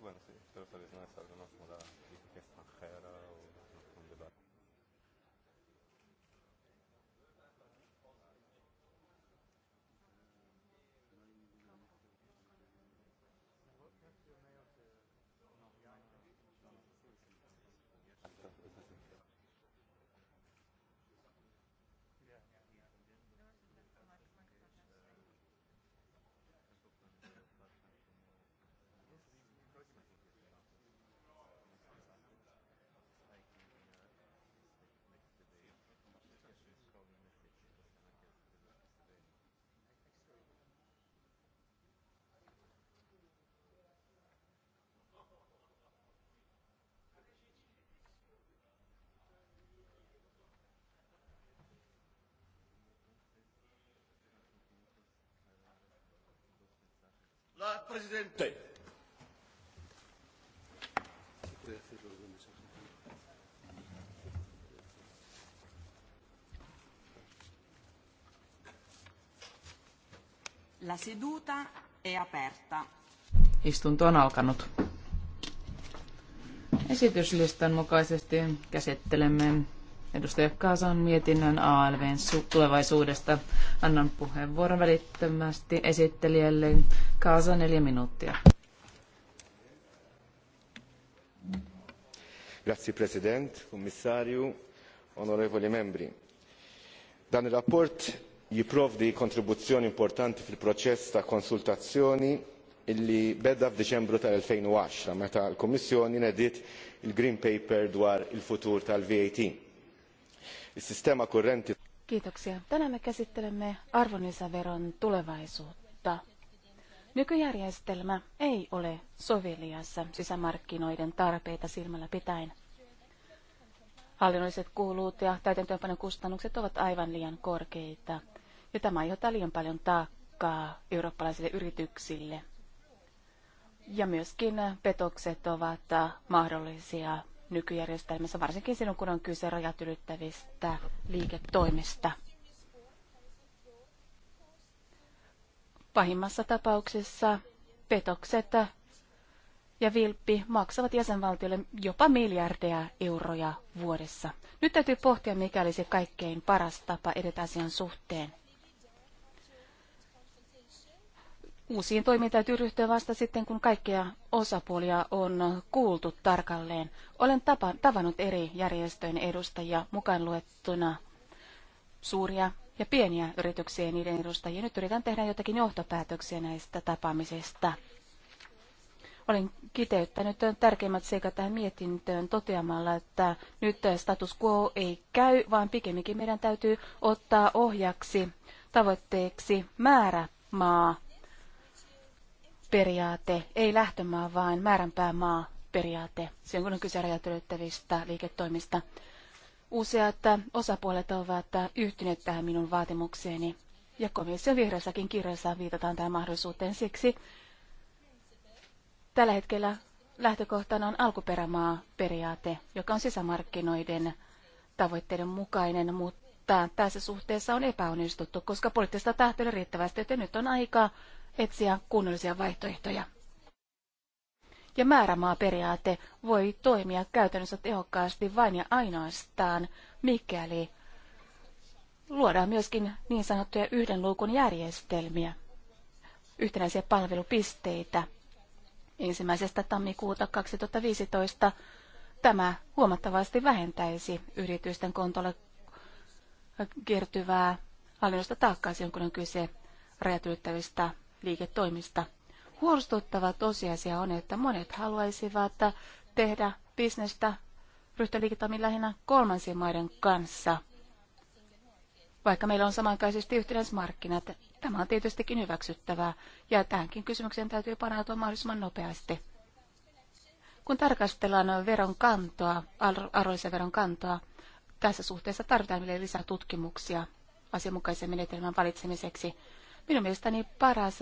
Bueno, sí, pero feliz no es algo no como la política extranjera o La Presidente. La seduta è aperta. Istunto on alkanut. Esityslistan mukaisesti käsittelemme edustaja Kaasan mietinnön ALVn tulevaisuudesta. Annan puheenvuoron välittömästi esittelijälle Kaasa neljä minuuttia. Grazie President, Commissario, onorevoli membri. Dan il-rapport di kontribuzzjoni importanti fil-proċess ta' konsultazzjoni illi e beda f'Diċembru tal-2010 meta l-Kummissjoni nediet il-Green Paper dwar il-futur tal-VAT. il sistema kurrenti Kiitoksia. Tänään me käsittelemme arvonlisäveron tulevaisuutta. Nykyjärjestelmä ei ole soveliassa sisämarkkinoiden tarpeita silmällä pitäen. Hallinnolliset kulut ja täytäntöönpanon kustannukset ovat aivan liian korkeita, ja tämä aiheuttaa liian paljon taakkaa eurooppalaisille yrityksille. Ja myöskin petokset ovat mahdollisia nykyjärjestelmässä, varsinkin silloin kun on kyse rajat ylittävistä liiketoimista. Pahimmassa tapauksessa petokset ja vilppi maksavat jäsenvaltiolle jopa miljardeja euroja vuodessa. Nyt täytyy pohtia, mikä olisi kaikkein paras tapa edetä asian suhteen. Uusiin toimiin täytyy ryhtyä vasta sitten, kun kaikkia osapuolia on kuultu tarkalleen. Olen tapa, tavannut eri järjestöjen edustajia mukaan luettuna suuria ja pieniä yrityksiä ja niiden edustajia. Nyt yritän tehdä jotakin johtopäätöksiä näistä tapaamisista. Olen kiteyttänyt tärkeimmät seikat tähän mietintöön toteamalla, että nyt status quo ei käy, vaan pikemminkin meidän täytyy ottaa ohjaksi tavoitteeksi määrämaa periaate, ei lähtömaa, vaan määränpäämaa periaate, Se on kyse rajatylyttävistä liiketoimista. Useat osapuolet ovat yhtyneet tähän minun vaatimukseeni, ja komission vihreässäkin kirjassa viitataan tähän mahdollisuuteen siksi. Tällä hetkellä lähtökohtana on alkuperämaa periaate, joka on sisämarkkinoiden tavoitteiden mukainen, mutta tässä suhteessa on epäonnistuttu, koska poliittista tahtoa riittävästi, joten nyt on aika etsiä kunnollisia vaihtoehtoja. Ja määrämaaperiaate voi toimia käytännössä tehokkaasti vain ja ainoastaan, mikäli luodaan myöskin niin sanottuja yhden luukun järjestelmiä, yhtenäisiä palvelupisteitä. Ensimmäisestä tammikuuta 2015 tämä huomattavasti vähentäisi yritysten kontolle kertyvää hallinnosta taakkaa kun on kyse rajat ylittävistä liiketoimista. Huolestuttava tosiasia on, että monet haluaisivat tehdä bisnestä ryhtöliiketoimin lähinnä kolmansien maiden kanssa. Vaikka meillä on samankaisesti yhtenäismarkkinat, tämä on tietystikin hyväksyttävää, ja tähänkin kysymykseen täytyy parantua mahdollisimman nopeasti. Kun tarkastellaan veron kantoa, arvonlisäveron kantoa, tässä suhteessa tarvitaan vielä lisää tutkimuksia asianmukaisen menetelmän valitsemiseksi. Minun mielestäni paras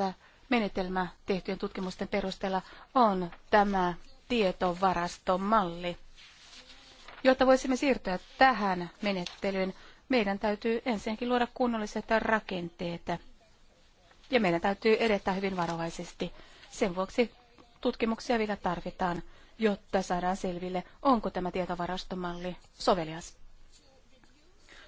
menetelmä tehtyjen tutkimusten perusteella on tämä tietovarastomalli. Jotta voisimme siirtyä tähän menettelyyn, meidän täytyy ensinnäkin luoda kunnolliset rakenteet. Ja meidän täytyy edetä hyvin varovaisesti. Sen vuoksi tutkimuksia vielä tarvitaan, jotta saadaan selville, onko tämä tietovarastomalli sovelias.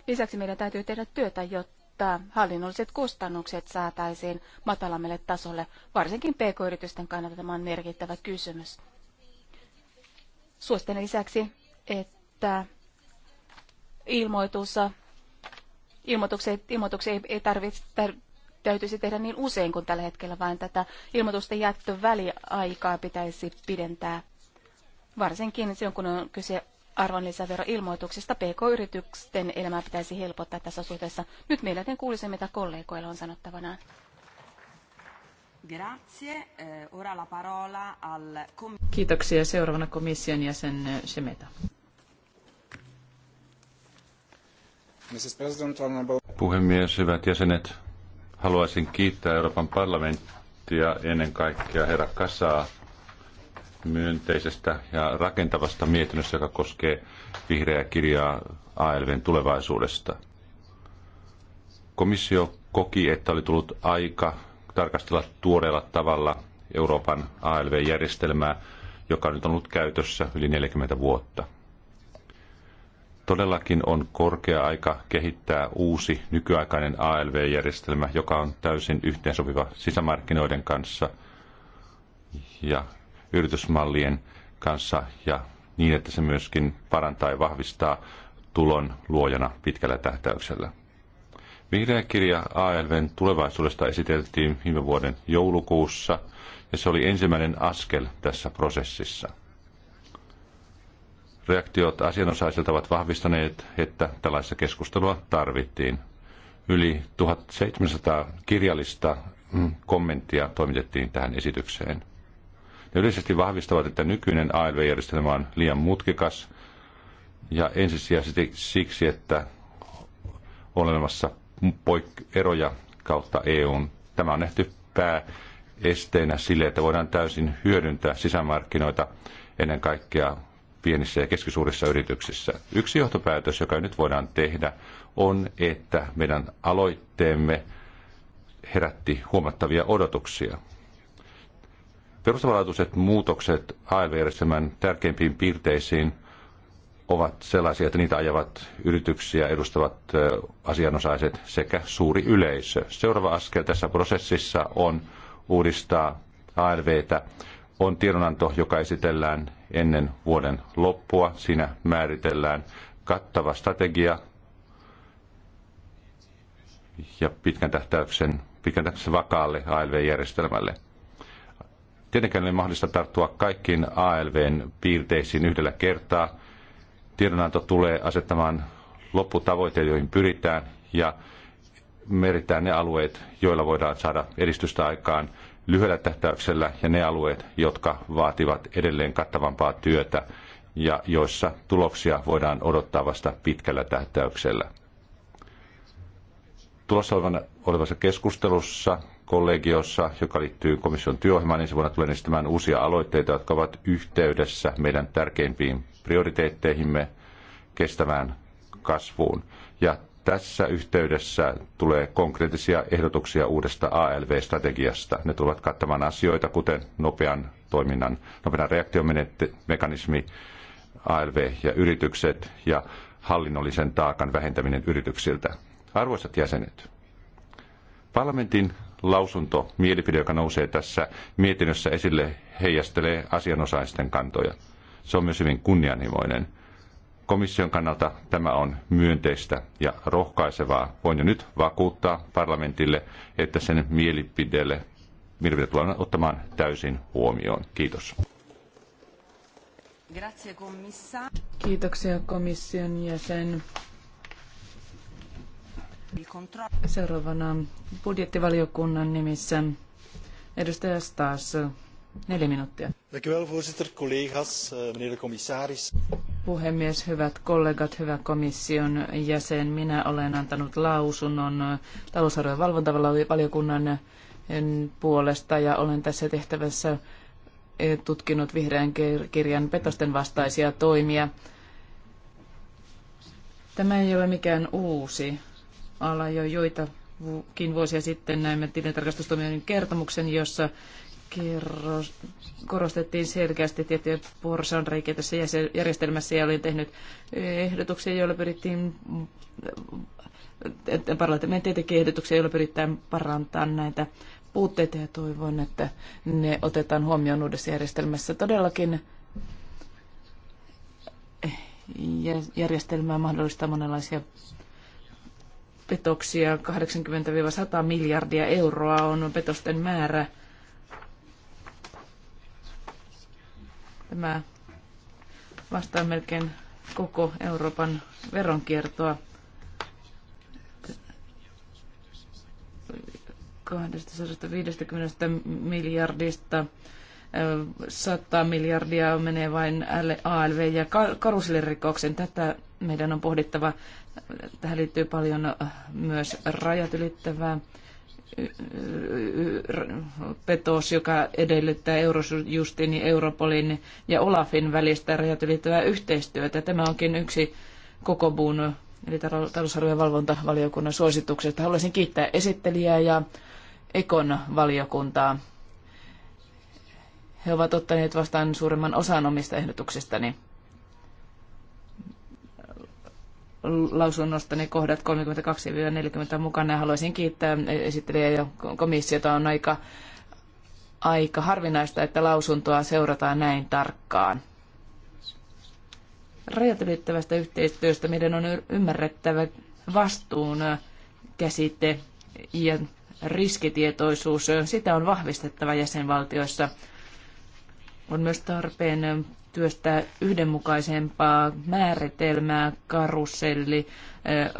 Lisäksi meidän täytyy tehdä työtä, jotta jotta hallinnolliset kustannukset saataisiin matalammalle tasolle. Varsinkin pk-yritysten kannalta tämä on merkittävä kysymys. Suosittelen lisäksi, että ilmoitus, ilmoitukset, ilmoituksia ei, ei tarvitse, tar, täytyisi tehdä niin usein kuin tällä hetkellä, vaan tätä ilmoitusten jättöväliaikaa pitäisi pidentää, varsinkin silloin kun on kyse arvonlisäveroilmoituksista PK-yritysten elämää pitäisi helpottaa tässä suhteessa. Nyt mielelläni kuulisi, mitä kollegoilla on sanottavanaan. Grazie. Eh, ora la parola al... Kiitoksia. Seuraavana komission jäsen eh, Semeta. Puhemies, hyvät jäsenet, haluaisin kiittää Euroopan parlamenttia ennen kaikkea herra Kasaa myönteisestä ja rakentavasta mietinnöstä, joka koskee vihreää kirjaa ALVn tulevaisuudesta. Komissio koki, että oli tullut aika tarkastella tuoreella tavalla Euroopan ALV-järjestelmää, joka nyt on ollut käytössä yli 40 vuotta. Todellakin on korkea aika kehittää uusi nykyaikainen ALV-järjestelmä, joka on täysin yhteensopiva sisämarkkinoiden kanssa ja yritysmallien kanssa ja niin, että se myöskin parantaa ja vahvistaa tulon luojana pitkällä tähtäyksellä. Vihreä kirja ALVn tulevaisuudesta esiteltiin viime vuoden joulukuussa ja se oli ensimmäinen askel tässä prosessissa. Reaktiot asianosaisilta ovat vahvistaneet, että tällaista keskustelua tarvittiin. Yli 1700 kirjallista mm, kommenttia toimitettiin tähän esitykseen. Ne yleisesti vahvistavat, että nykyinen ALV-järjestelmä on liian mutkikas ja ensisijaisesti siksi, että on olemassa eroja kautta EUn. Tämä on nähty pääesteenä sille, että voidaan täysin hyödyntää sisämarkkinoita ennen kaikkea pienissä ja keskisuurissa yrityksissä. Yksi johtopäätös, joka nyt voidaan tehdä, on, että meidän aloitteemme herätti huomattavia odotuksia. Perustavanlaatuiset muutokset ALV-järjestelmän tärkeimpiin piirteisiin ovat sellaisia, että niitä ajavat yrityksiä edustavat asianosaiset sekä suuri yleisö. Seuraava askel tässä prosessissa on uudistaa ALVtä. On tiedonanto, joka esitellään ennen vuoden loppua. Siinä määritellään kattava strategia ja pitkän tähtäyksen, pitkän tähtäyksen vakaalle ALV-järjestelmälle – Tietenkään ei mahdollista tarttua kaikkiin ALVn piirteisiin yhdellä kertaa. Tiedonanto tulee asettamaan lopputavoitteet, joihin pyritään, ja meritään ne alueet, joilla voidaan saada edistystä aikaan lyhyellä tähtäyksellä, ja ne alueet, jotka vaativat edelleen kattavampaa työtä ja joissa tuloksia voidaan odottaa vasta pitkällä tähtäyksellä. Tulossa olevassa keskustelussa kollegiossa, joka liittyy komission työohjelmaan. Ensi vuonna tulen esittämään uusia aloitteita, jotka ovat yhteydessä meidän tärkeimpiin prioriteetteihimme kestävään kasvuun. Ja tässä yhteydessä tulee konkreettisia ehdotuksia uudesta ALV-strategiasta. Ne tulevat kattamaan asioita, kuten nopean toiminnan, nopean reaktiomekanismi, ALV ja yritykset ja hallinnollisen taakan vähentäminen yrityksiltä. Arvoisat jäsenet, parlamentin lausunto, mielipide, joka nousee tässä mietinnössä esille, heijastelee asianosaisten kantoja. Se on myös hyvin kunnianhimoinen. Komission kannalta tämä on myönteistä ja rohkaisevaa. Voin jo nyt vakuuttaa parlamentille, että sen mielipidelle mielipide tullaan ottamaan täysin huomioon. Kiitos. Kiitoksia komission jäsen. Seuraavana budjettivaliokunnan nimissä edustaja Staas, neljä minuuttia. Eh, Puhemies, hyvät kollegat, hyvä komission jäsen. Minä olen antanut lausunnon talousarvojen valvontavaliokunnan puolesta ja olen tässä tehtävässä eh, tutkinut vihreän kirjan petosten vastaisia toimia. Tämä ei ole mikään uusi alla jo joitakin vuosia sitten näimme tilintarkastustoimijan kertomuksen, jossa kerros, korostettiin selkeästi tiettyjä porsanreikiä tässä järjestelmässä ja olin tehnyt ehdotuksia, joilla pyrittiin parlamentin teki ehdotuksia, joilla pyritään parantaa näitä puutteita ja toivon, että ne otetaan huomioon uudessa järjestelmässä. Todellakin järjestelmää mahdollistaa monenlaisia petoksia, 80-100 miljardia euroa on petosten määrä. Tämä vastaa melkein koko Euroopan veronkiertoa. 250 miljardista 100 miljardia menee vain ALV- ja karusilirikoksen. Tätä meidän on pohdittava. Tähän liittyy paljon äh, myös rajat ylittävää petos, joka edellyttää Eurojustin, Europolin ja Olafin välistä rajat ylittävää yhteistyötä. Tämä onkin yksi koko buun eli talousarvojen valvontavaliokunnan suosituksesta. Haluaisin kiittää esittelijää ja Ekon valiokuntaa. He ovat ottaneet vastaan suuremman osan omista ehdotuksistani. lausunnosta lausunnostani niin kohdat 32-40 mukana. Haluaisin kiittää esittelijä ja komissiota. On aika, aika harvinaista, että lausuntoa seurataan näin tarkkaan. Rajat ylittävästä yhteistyöstä meidän on ymmärrettävä vastuun äh, käsite ja riskitietoisuus. Sitä on vahvistettava jäsenvaltioissa. On myös tarpeen äh, työstää yhdenmukaisempaa määritelmää karuselli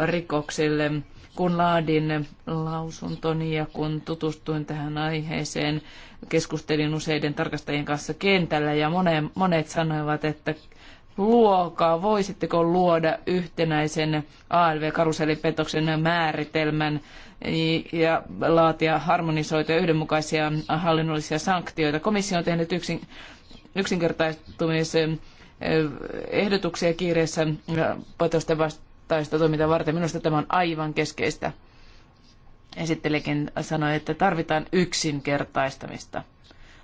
rikokselle. Kun laadin lausuntoni ja kun tutustuin tähän aiheeseen, keskustelin useiden tarkastajien kanssa kentällä ja monet sanoivat, että luokaa, voisitteko luoda yhtenäisen alv karusellipetoksen määritelmän ja laatia harmonisoituja yhdenmukaisia hallinnollisia sanktioita. Komissio on tehnyt yksin yksinkertaistumisen eh, ehdotuksia kiireessä petosten vastaista toimintaa varten. Minusta tämä on aivan keskeistä. Esittelikin sanoi, että tarvitaan yksinkertaistamista.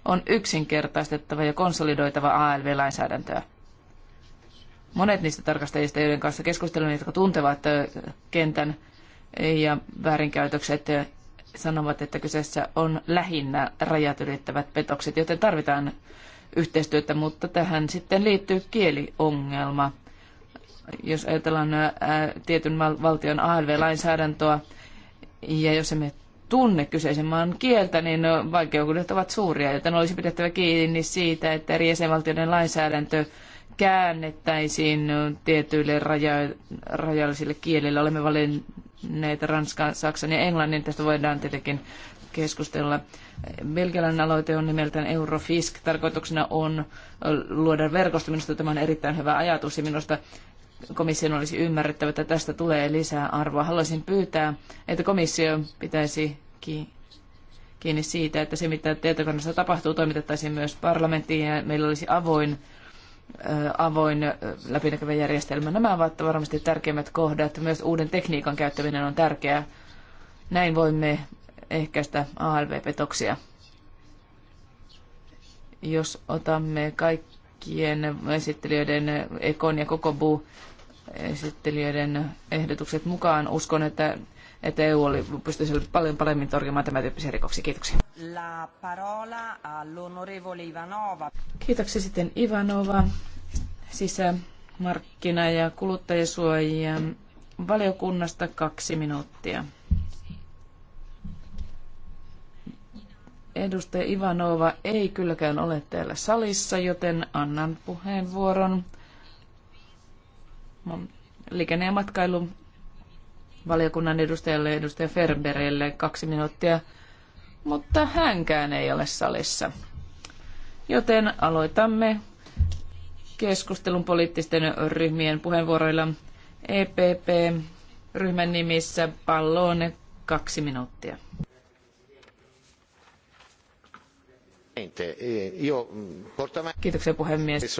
On yksinkertaistettava ja konsolidoitava ALV-lainsäädäntöä. Monet niistä tarkastajista, joiden kanssa keskustelun, jotka tuntevat eh, kentän ja väärinkäytökset, eh, sanovat, että kyseessä on lähinnä rajat ylittävät petokset, joten tarvitaan yhteistyötä, mutta tähän sitten liittyy kieliongelma. Jos ajatellaan tietyn valtion ALV-lainsäädäntöä, ja jos emme tunne kyseisen maan kieltä, niin vaikeudet ovat suuria, joten olisi pidettävä kiinni siitä, että eri jäsenvaltioiden lainsäädäntö käännettäisiin tietyille raja- rajallisille kielille. Olemme valinneet Ranskan, Saksan ja Englannin. Tästä voidaan tietenkin keskustella. Belgialainen aloite on nimeltään Eurofisk. Tarkoituksena on luoda verkosto. Minusta tämä on erittäin hyvä ajatus ja minusta komission olisi ymmärrettävä, että tästä tulee lisää arvoa. Haluaisin pyytää, että komissio pitäisi kiinni siitä, että se mitä tietokannassa tapahtuu toimitettaisiin myös parlamenttiin ja meillä olisi avoin avoin läpinäkyvä järjestelmä. Nämä ovat varmasti tärkeimmät kohdat. Myös uuden tekniikan käyttäminen on tärkeää. Näin voimme ehkäistä ALV-petoksia. Jos otamme kaikkien esittelijöiden, Ekon ja koko Buu esittelijöiden ehdotukset mukaan, uskon, että että EU oli, pystyisi paljon paremmin torjumaan tämän tyyppisiä rikoksia. Kiitoksia. La parola all'onorevole Ivanova. Kiitoksia sitten Ivanova, sisämarkkina- ja kuluttajasuojien valiokunnasta kaksi minuuttia. Edustaja Ivanova ei kylläkään ole täällä salissa, joten annan puheenvuoron liikenne- ja matkailu valiokunnan edustajalle edustaja Ferberille kaksi minuuttia, mutta hänkään ei ole salissa. Joten aloitamme keskustelun poliittisten ryhmien puheenvuoroilla EPP-ryhmän nimissä palloon kaksi minuuttia. Presidente, eh, io mm, porto avanti... Kiitoksia puhemies.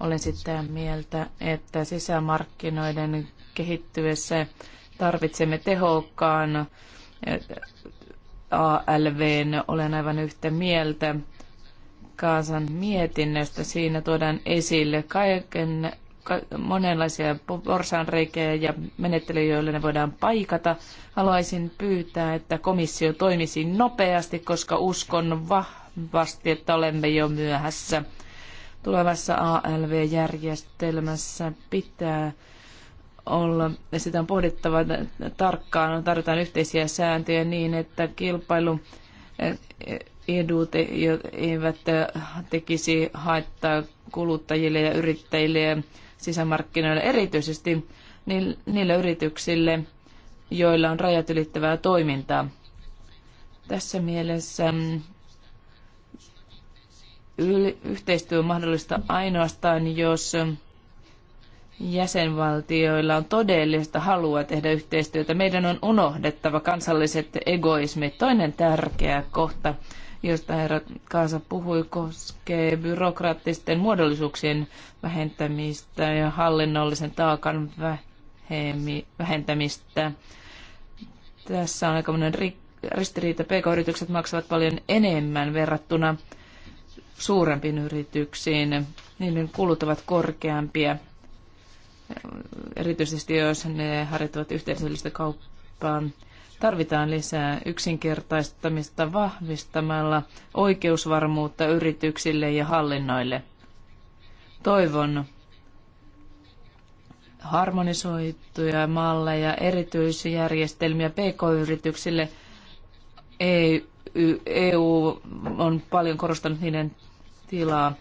Olen sitä mieltä, että sisämarkkinoiden kehittyessä tarvitsemme tehokkaan eh, ALVn. Olen aivan yhtä mieltä Kaasan mietinnöstä. Siinä tuodaan esille kaiken monenlaisia porsaanreikejä ja menettelyjä, joilla ne voidaan paikata. Haluaisin pyytää, että komissio toimisi nopeasti, koska uskon vahvasti, että olemme jo myöhässä. Tulevassa ALV-järjestelmässä pitää olla, ja sitä on pohdittava tarkkaan, tarvitaan yhteisiä sääntöjä niin, että kilpailu eh, edut eivät eh, tekisi haittaa kuluttajille ja yrittäjille ja sisämarkkinoille, erityisesti niille yrityksille, joilla on rajat ylittävää toimintaa. Tässä mielessä mm, yhteistyö on mahdollista ainoastaan, jos mm, jäsenvaltioilla on todellista halua tehdä yhteistyötä. Meidän on unohdettava kansalliset egoismit. Toinen tärkeä kohta josta herra Kaasa puhui, koskee byrokraattisten muodollisuuksien vähentämistä ja hallinnollisen taakan vähentämistä. Tässä on aikamoinen ristiriita. PK-yritykset maksavat paljon enemmän verrattuna suurempiin yrityksiin. Niiden kulut ovat korkeampia, erityisesti jos ne harjoittavat yhteisöllistä kauppaa Tarvitaan lisää yksinkertaistamista vahvistamalla oikeusvarmuutta yrityksille ja hallinnoille. Toivon harmonisoituja malleja, erityisjärjestelmiä pk-yrityksille. EU e on paljon korostanut niiden tilaa.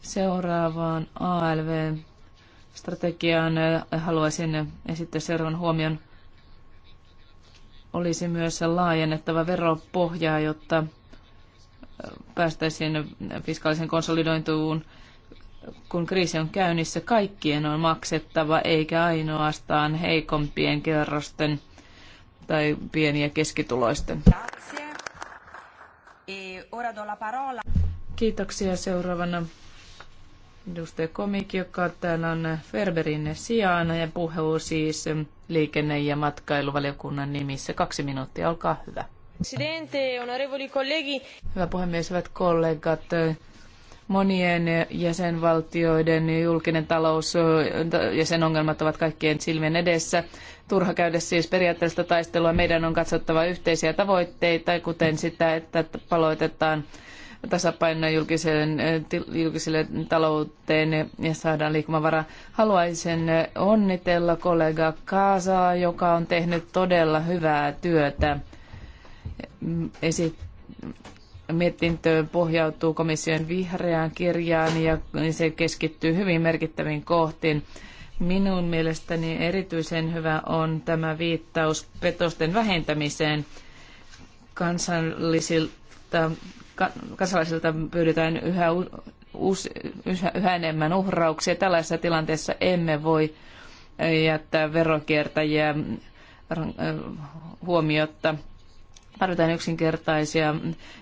Seuraavaan ALV-strategiaan haluaisin esittää seuraavan huomion olisi myös laajennettava veropohjaa, jotta päästäisiin fiskaalisen konsolidointuun, kun kriisi on käynnissä, kaikkien on maksettava, eikä ainoastaan heikompien kerrosten tai pieniä keskituloisten. E Kiitoksia seuraavana edustaja Komik, joka täällä on Ferberin sijaana ja puhuu siis liikenne- ja matkailuvaliokunnan nimissä. Kaksi minuuttia, olkaa hyvä. Presidente, onorevoli kollegi. Hyvä puhemies, hyvät kollegat. Monien jäsenvaltioiden julkinen talous ja sen ongelmat ovat kaikkien silmien edessä. Turha käydä siis periaatteellista taistelua. Meidän on katsottava yhteisiä tavoitteita, kuten sitä, että paloitetaan tasapaino julkiseen, eh, julkiselle talouteen ja saadaan liikumavara. Haluaisin onnitella kollega Kaasaa, joka on tehnyt todella hyvää työtä. Esit- mietintö pohjautuu komission vihreään kirjaan ja se keskittyy hyvin merkittäviin kohtiin. Minun mielestäni erityisen hyvä on tämä viittaus petosten vähentämiseen. Kansallisilla että kansalaisilta pyydetään yhä, uusi, yhä enemmän uhrauksia. Tällaisessa tilanteessa emme voi jättää verokiertäjiä äh, huomiotta. Tarvitaan yksinkertaisia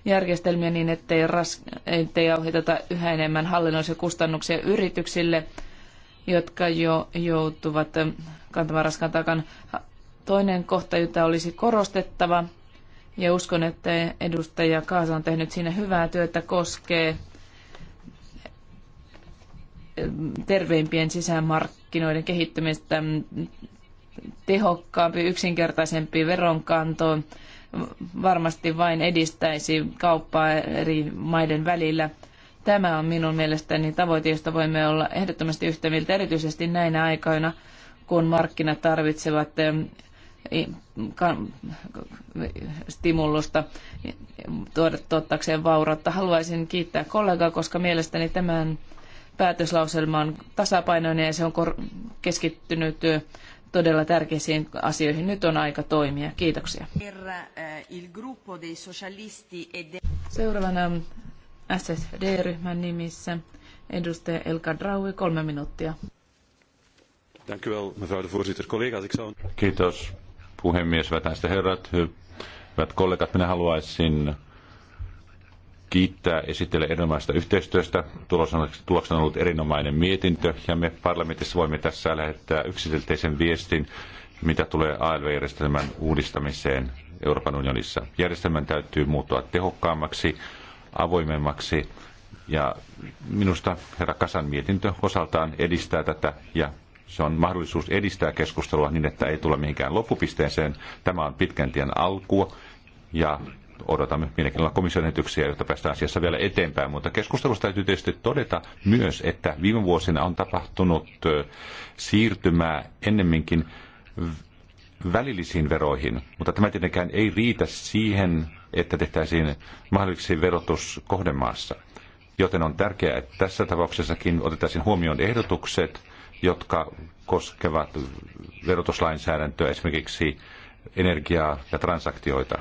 järjestelmiä niin, ettei, ras, ettei ohjata yhä enemmän hallinnollisia kustannuksia yrityksille, jotka jo joutuvat kantamaan raskaan takan. Toinen kohta, jota olisi korostettava, ja uskon, että edustaja Kaasa on tehnyt siinä hyvää työtä koskee terveimpien sisämarkkinoiden kehittämistä, tehokkaampi, yksinkertaisempi veronkanto varmasti vain edistäisi kauppaa eri maiden välillä. Tämä on minun mielestäni tavoite, josta voimme olla ehdottomasti yhtä mieltä, erityisesti näinä aikoina, kun markkinat tarvitsevat stimulusta tuoda tuottaakseen vaurautta. Haluaisin kiittää kollegaa, koska mielestäni tämän päätöslauselma on tasapainoinen ja se on keskittynyt todella tärkeisiin asioihin. Nyt on aika toimia. Kiitoksia. Seuraavana SSD-ryhmän nimissä edustaja Elka Draui, kolme minuuttia. Kiitos puhemies, hyvät naiset herrat, hyvät kollegat, minä haluaisin kiittää esittele erinomaista yhteistyöstä. Tuloksena on ollut erinomainen mietintö ja me parlamentissa voimme tässä lähettää yksiselteisen viestin, mitä tulee ALV-järjestelmän uudistamiseen Euroopan unionissa. Järjestelmän täytyy muuttua tehokkaammaksi, avoimemmaksi ja minusta herra Kasan mietintö osaltaan edistää tätä ja se on mahdollisuus edistää keskustelua niin, että ei tule mihinkään loppupisteeseen. Tämä on pitkän tien alkua ja odotamme mielenkiinnolla komission esityksiä, jotta päästään asiassa vielä eteenpäin. Mutta keskustelusta täytyy tietysti todeta myös, että viime vuosina on tapahtunut siirtymää ennemminkin välillisiin veroihin, mutta tämä tietenkään ei riitä siihen, että tehtäisiin mahdollisesti verotus kohdemaassa. Joten on tärkeää, että tässä tapauksessakin otettaisiin huomioon ehdotukset, jotka koskevat verotuslainsäädäntöä, esimerkiksi energiaa ja transaktioita.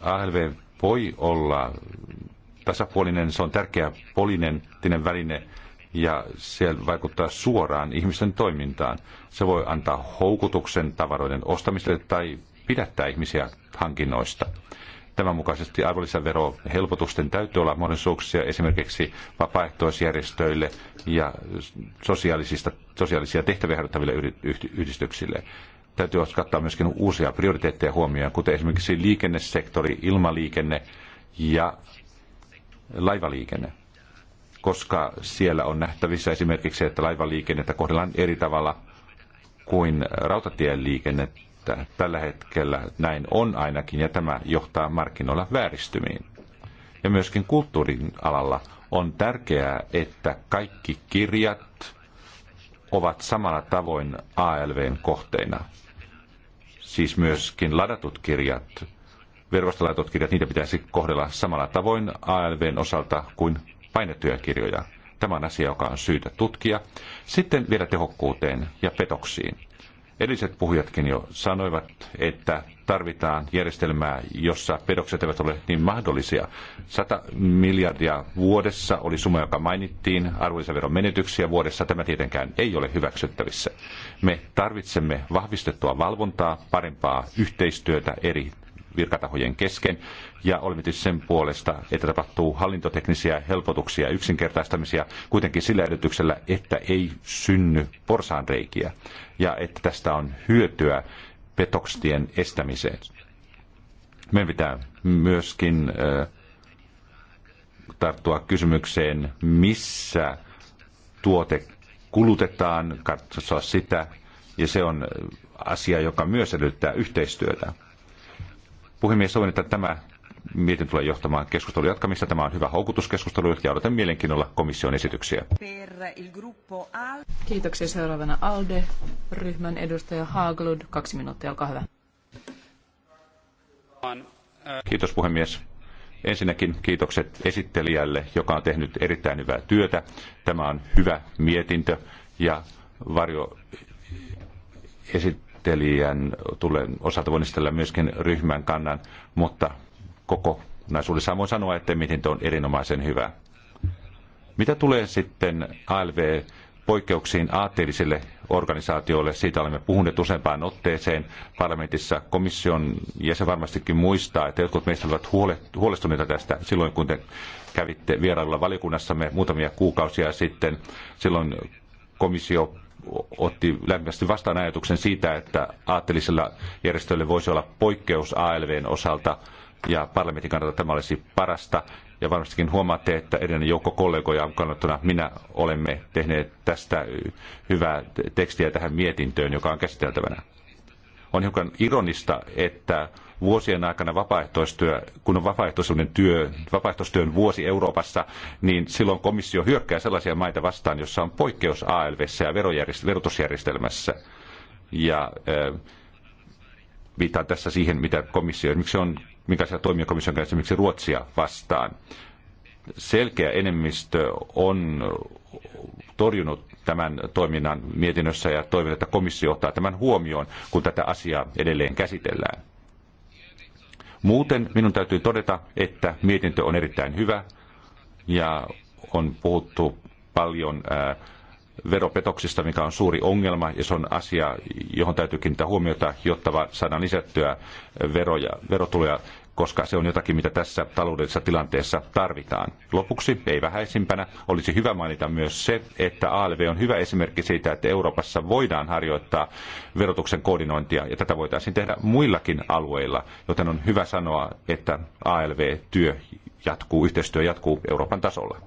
ALV voi olla tasapuolinen, se on tärkeä poliittinen väline ja se vaikuttaa suoraan ihmisten toimintaan. Se voi antaa houkutuksen tavaroiden ostamiselle tai pidättää ihmisiä hankinnoista. Tämän mukaisesti arvonlisäverohelpotusten täytyy olla mahdollisuuksia esimerkiksi vapaaehtoisjärjestöille ja sosiaalisista, sosiaalisia tehtäviä harjoittaville yhdistyksille. Täytyy kattaa myöskin uusia prioriteetteja huomioon, kuten esimerkiksi liikennesektori, ilmaliikenne ja laivaliikenne koska siellä on nähtävissä esimerkiksi, että laivaliikennettä kohdellaan eri tavalla kuin rautatieliikennettä että tällä hetkellä näin on ainakin, ja tämä johtaa markkinoilla vääristymiin. Ja myöskin kulttuurin alalla on tärkeää, että kaikki kirjat ovat samalla tavoin ALVn kohteina. Siis myöskin ladatut kirjat, verkostolaitut kirjat, niitä pitäisi kohdella samalla tavoin ALVn osalta kuin painettuja kirjoja. Tämä on asia, joka on syytä tutkia. Sitten vielä tehokkuuteen ja petoksiin. Edelliset puhujatkin jo sanoivat, että tarvitaan järjestelmää, jossa pedokset eivät ole niin mahdollisia. 100 miljardia vuodessa oli summa, joka mainittiin, arvonlisäveron menetyksiä vuodessa. Tämä tietenkään ei ole hyväksyttävissä. Me tarvitsemme vahvistettua valvontaa, parempaa yhteistyötä eri virkatahojen kesken ja olemme tietysti sen puolesta, että tapahtuu hallintoteknisiä helpotuksia ja yksinkertaistamisia kuitenkin sillä edellytyksellä, että ei synny porsaanreikiä ja että tästä on hyötyä petokstien estämiseen. Meidän pitää myöskin äh, tarttua kysymykseen, missä tuote kulutetaan, katsoa sitä, ja se on asia, joka myös edellyttää yhteistyötä. Puhemies, toivon, että tämä mietintö tulee johtamaan keskustelun jatkamista. Tämä on hyvä houkutuskeskustelu ja odotan mielenkiinnolla komission esityksiä. Kiitoksia seuraavana ALDE-ryhmän edustaja Haaglund. Kaksi minuuttia, olkaa hyvä. Kiitos puhemies. Ensinnäkin kiitokset esittelijälle, joka on tehnyt erittäin hyvää työtä. Tämä on hyvä mietintö ja varjo esit esittelijän tulen osalta voin esitellä myöskin ryhmän kannan, mutta koko naisuudessaan voin sanoa, että mietintö on erinomaisen hyvä. Mitä tulee sitten ALV poikkeuksiin aatteellisille organisaatioille, siitä olemme puhuneet useampaan otteeseen parlamentissa. Komission jäsen varmastikin muistaa, että jotkut meistä olivat huolestuneita tästä silloin, kun te kävitte vierailulla valiokunnassamme muutamia kuukausia sitten. Silloin komissio otti lämpimästi vastaan ajatuksen siitä, että aatteellisilla järjestöillä voisi olla poikkeus ALVn osalta, ja parlamentin kannalta tämä olisi parasta. Ja varmastikin huomaatte, että edellinen joukko kollegoja kannattuna minä olemme tehneet tästä hyvää tekstiä tähän mietintöön, joka on käsiteltävänä. On hiukan ironista, että vuosien aikana vapaaehtoistyö, kun on vapaaehtoisuuden työ, vapaaehtoistyön vuosi Euroopassa, niin silloin komissio hyökkää sellaisia maita vastaan, jossa on poikkeus ALVssä ja verotusjärjestelmässä. Ja äh, viittaan tässä siihen, mitä komissio, miksi on, minkälaisia toimia komissio on esimerkiksi Ruotsia vastaan. Selkeä enemmistö on torjunut tämän toiminnan mietinnössä ja toivon, että komissio ottaa tämän huomioon, kun tätä asiaa edelleen käsitellään. Muuten minun täytyy todeta, että mietintö on erittäin hyvä ja on puhuttu paljon ää, veropetoksista, mikä on suuri ongelma, ja se on asia, johon täytyy kiinnittää huomiota, jotta saadaan lisättyä veroja, verotuloja koska se on jotakin, mitä tässä taloudellisessa tilanteessa tarvitaan. Lopuksi, ei vähäisimpänä, olisi hyvä mainita myös se, että ALV on hyvä esimerkki siitä, että Euroopassa voidaan harjoittaa verotuksen koordinointia, ja tätä voitaisiin tehdä muillakin alueilla, joten on hyvä sanoa, että ALV-työ jatkuu, yhteistyö jatkuu Euroopan tasolla.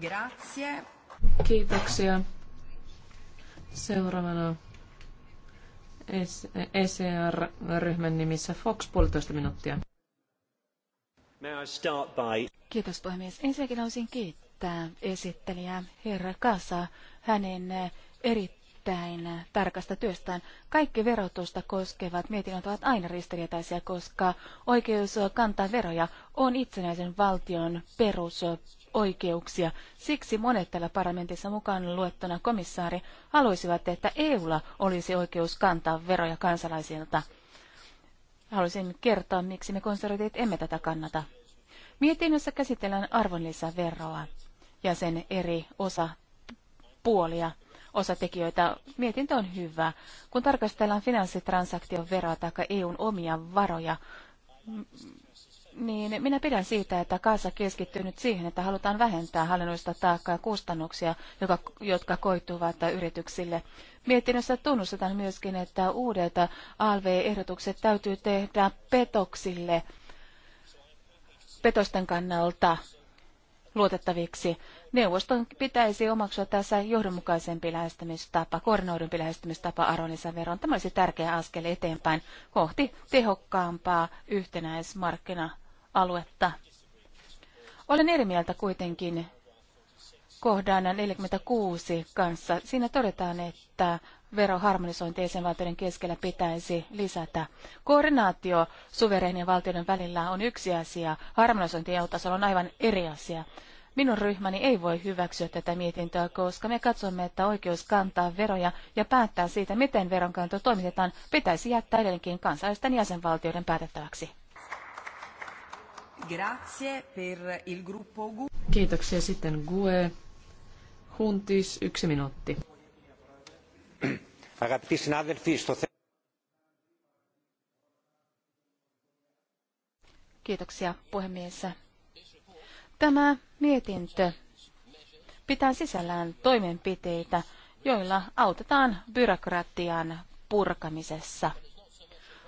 Grazie. Kiitoksia. Seuraavana ECR-ryhmän e nimissä Fox puolitoista minuuttia. Kiitos puhemies. Ensinnäkin haluaisin kiittää esittelijää herra Kasa hänen eh, erittäin eh, tarkasta työstään. Kaikki verotusta koskevat mietinnöt ovat aina ristiriitaisia, koska oikeus eh, kantaa veroja on itsenäisen valtion perus oikeuksia. Siksi monet täällä parlamentissa mukaan luettuna komissaari haluaisivat, että EUlla olisi oikeus kantaa veroja kansalaisilta. Haluaisin kertoa, miksi me konservatiivit emme tätä kannata. Mietinnössä käsitellään arvonlisäveroa ja sen eri osa puolia osatekijöitä. Mietintö on hyvä. Kun tarkastellaan finanssitransaktion veroa tai EUn omia varoja, niin minä pidän siitä, että kansa keskittyy nyt siihen, että halutaan vähentää hallinnollista taakkaa ja kustannuksia, joka, jotka koituvat yrityksille. Mietinnössä tunnustetaan myöskin, että uudet ALV-ehdotukset täytyy tehdä petoksille petosten kannalta luotettaviksi. Neuvoston pitäisi omaksua tässä johdonmukaisempi lähestymistapa, koordinoidumpi lähestymistapa arvonlisäveron. Tämä olisi tärkeä askel eteenpäin kohti tehokkaampaa yhtenäismarkkina aluetta. Olen eri mieltä kuitenkin kohdan 46 kanssa. Siinä todetaan, että veroharmonisointi jäsenvaltioiden keskellä pitäisi lisätä. Koordinaatio suvereenien valtioiden välillä on yksi asia, harmonisointi EU-tasolla on aivan eri asia. Minun ryhmäni ei voi hyväksyä tätä mietintöä, koska me katsomme, että oikeus kantaa veroja ja päättää siitä, miten veronkanto toimitetaan, pitäisi jättää edelleenkin kansallisten jäsenvaltioiden päätettäväksi. Grazie per il gruppo GUE. Kiitoksia sitten GUE. Huntis, yksi minuutti. Αγαπητοί συνάδελφοι, Kiitoksia puhemies. Tämä mietintö pitää sisällään toimenpiteitä, joilla autetaan byrokratian purkamisessa.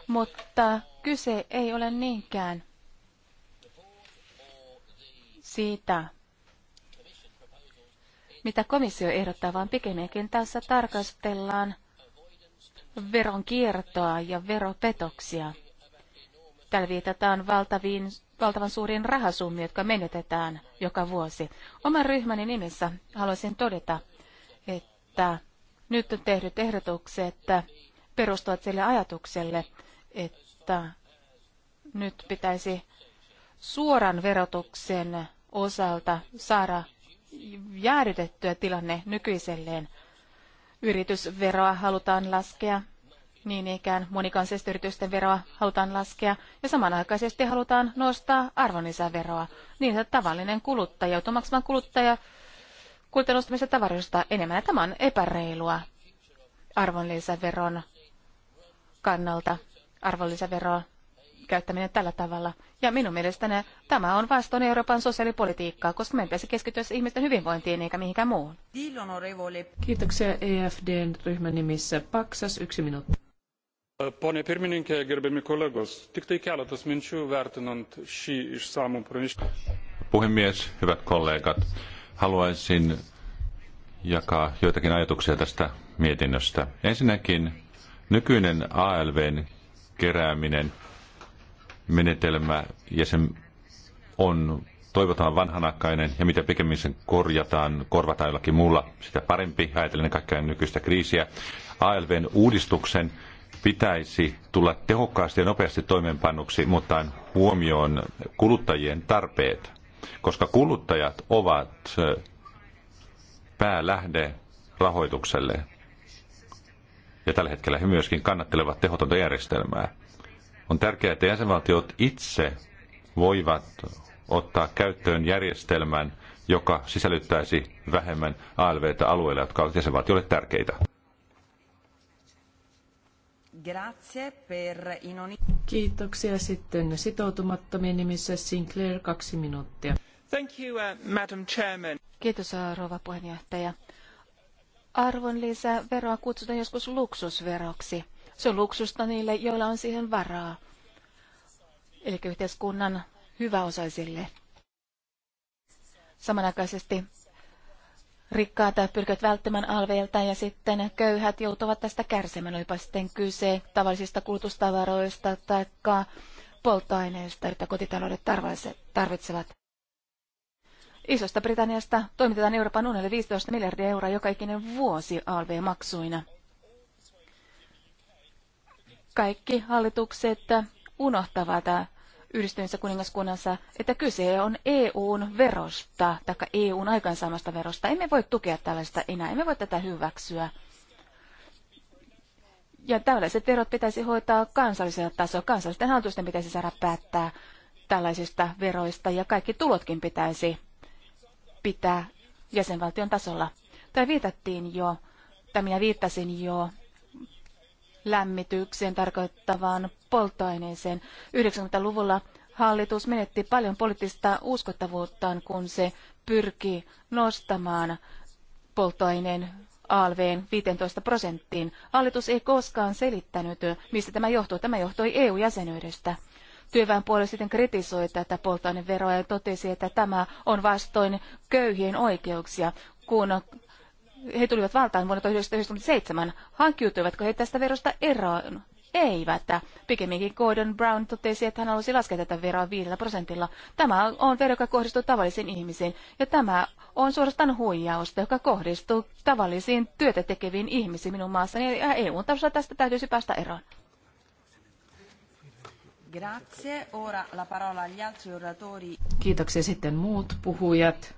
Mutta kyse ei ole niinkään siitä, mitä komissio ehdottaa, vaan pikemminkin tässä tarkastellaan veronkiertoa ja veropetoksia. Tällä viitataan valtaviin, valtavan suuriin rahasummiin, jotka menetetään joka vuosi. Oman ryhmäni nimessä haluaisin todeta, että nyt on tehdyt ehdotukset perustuvat sille ajatukselle, että nyt pitäisi suoran verotuksen osalta saada jäädytettyä tilanne nykyiselleen. Yritysveroa halutaan laskea, niin ikään monikansallisten yritysten veroa halutaan laskea ja samanaikaisesti halutaan nostaa arvonlisäveroa niin, että tavallinen kuluttaja joutuu maksamaan kuluttaja kuluttajan ostamista tavaroista enemmän. Tämä on epäreilua arvonlisäveron kannalta. Arvonlisäveroa käyttäminen tällä tavalla. Ja minun mielestäni tämä on vastoin Euroopan sosiaalipolitiikkaa, koska meidän pitäisi keskittyä ihmisten hyvinvointiin eikä mihinkään muuhun. Kiitoksia EFDn ryhmän nimissä. Paksas, yksi minuutti. Pone pirmininkė, gerbiami kollegos, tik tai keletas minčių vertinant šį išsamų pranešimą. Puhemies, hyvät kollegat, haluaisin jakaa joitakin ajatuksia tästä mietinnöstä. Ensinnäkin nykyinen ALVn kerääminen menetelmä ja sen on toivotaan vanhanakkainen ja mitä pikemmin sen korjataan, korvataan jollakin muulla, sitä parempi, ajatellen kaikkea nykyistä kriisiä. ALVn uudistuksen pitäisi tulla tehokkaasti ja nopeasti toimeenpannuksi, mutta huomioon kuluttajien tarpeet, koska kuluttajat ovat päälähde rahoitukselle. Ja tällä hetkellä he myöskin kannattelevat tehotonta järjestelmää. On tärkeää, että jäsenvaltiot itse voivat ottaa käyttöön järjestelmän, joka sisällyttäisi vähemmän ALVtä alueille, jotka ovat jäsenvaltioille tärkeitä. Kiitoksia sitten sitoutumattomien nimissä Sinclair kaksi minuuttia. Thank you, uh, Madam Chairman. Kiitos uh, rouva puheenjohtaja. Arvonlisäveroa kutsutaan joskus luksusveroksi. Se on luksusta niille, joilla on siihen varaa, eli yhteiskunnan hyväosaisille. Samanaikaisesti rikkaat pyrkivät välttämään alveilta ja sitten köyhät joutuvat tästä kärsimään, olipa sitten kyse tavallisista kulutustavaroista tai polttoaineista, joita kotitaloudet tarvitsevat. Isosta Britanniasta toimitetaan Euroopan unionille 15 miljardia euroa joka ikinen vuosi alv-maksuina kaikki hallitukset unohtavat yhdistyneessä kuningaskunnassa, että kyse on EUn verosta, tai EUn aikaansaamasta verosta. Emme voi tukea tällaista enää, emme voi tätä hyväksyä. Ja tällaiset verot pitäisi hoitaa kansallisella tasolla. Kansallisten hallitusten pitäisi saada päättää tällaisista veroista, ja kaikki tulotkin pitäisi pitää jäsenvaltion tasolla. Tai viitattiin jo, tai minä viittasin jo lämmitykseen tarkoittavaan polttoaineeseen. 90-luvulla hallitus menetti paljon poliittista uskottavuuttaan, kun se pyrki nostamaan polttoaineen alveen 15 prosenttiin. Hallitus ei koskaan selittänyt, mistä tämä johtuu. Tämä johtui EU-jäsenyydestä. Työväenpuolue sitten kritisoi tätä polttoaineveroa ja totesi, että tämä on vastoin köyhien oikeuksia, kun he tulivat valtaan vuonna 1997, hankkiutuivatko he tästä verosta eroon? Eivät. Pikemminkin Gordon Brown totesi, että hän halusi laskea tätä veroa 5 prosentilla. Tämä on vero, joka kohdistuu tavallisiin ihmisiin, ja tämä on suorastaan huijausta, joka kohdistuu tavallisiin työtä tekeviin ihmisiin minun maassani, ja EU-tasolla tästä täytyisi päästä eroon. Grazie. Ora la parola agli altri oratori. Kiitoksia sitten muut puhujat.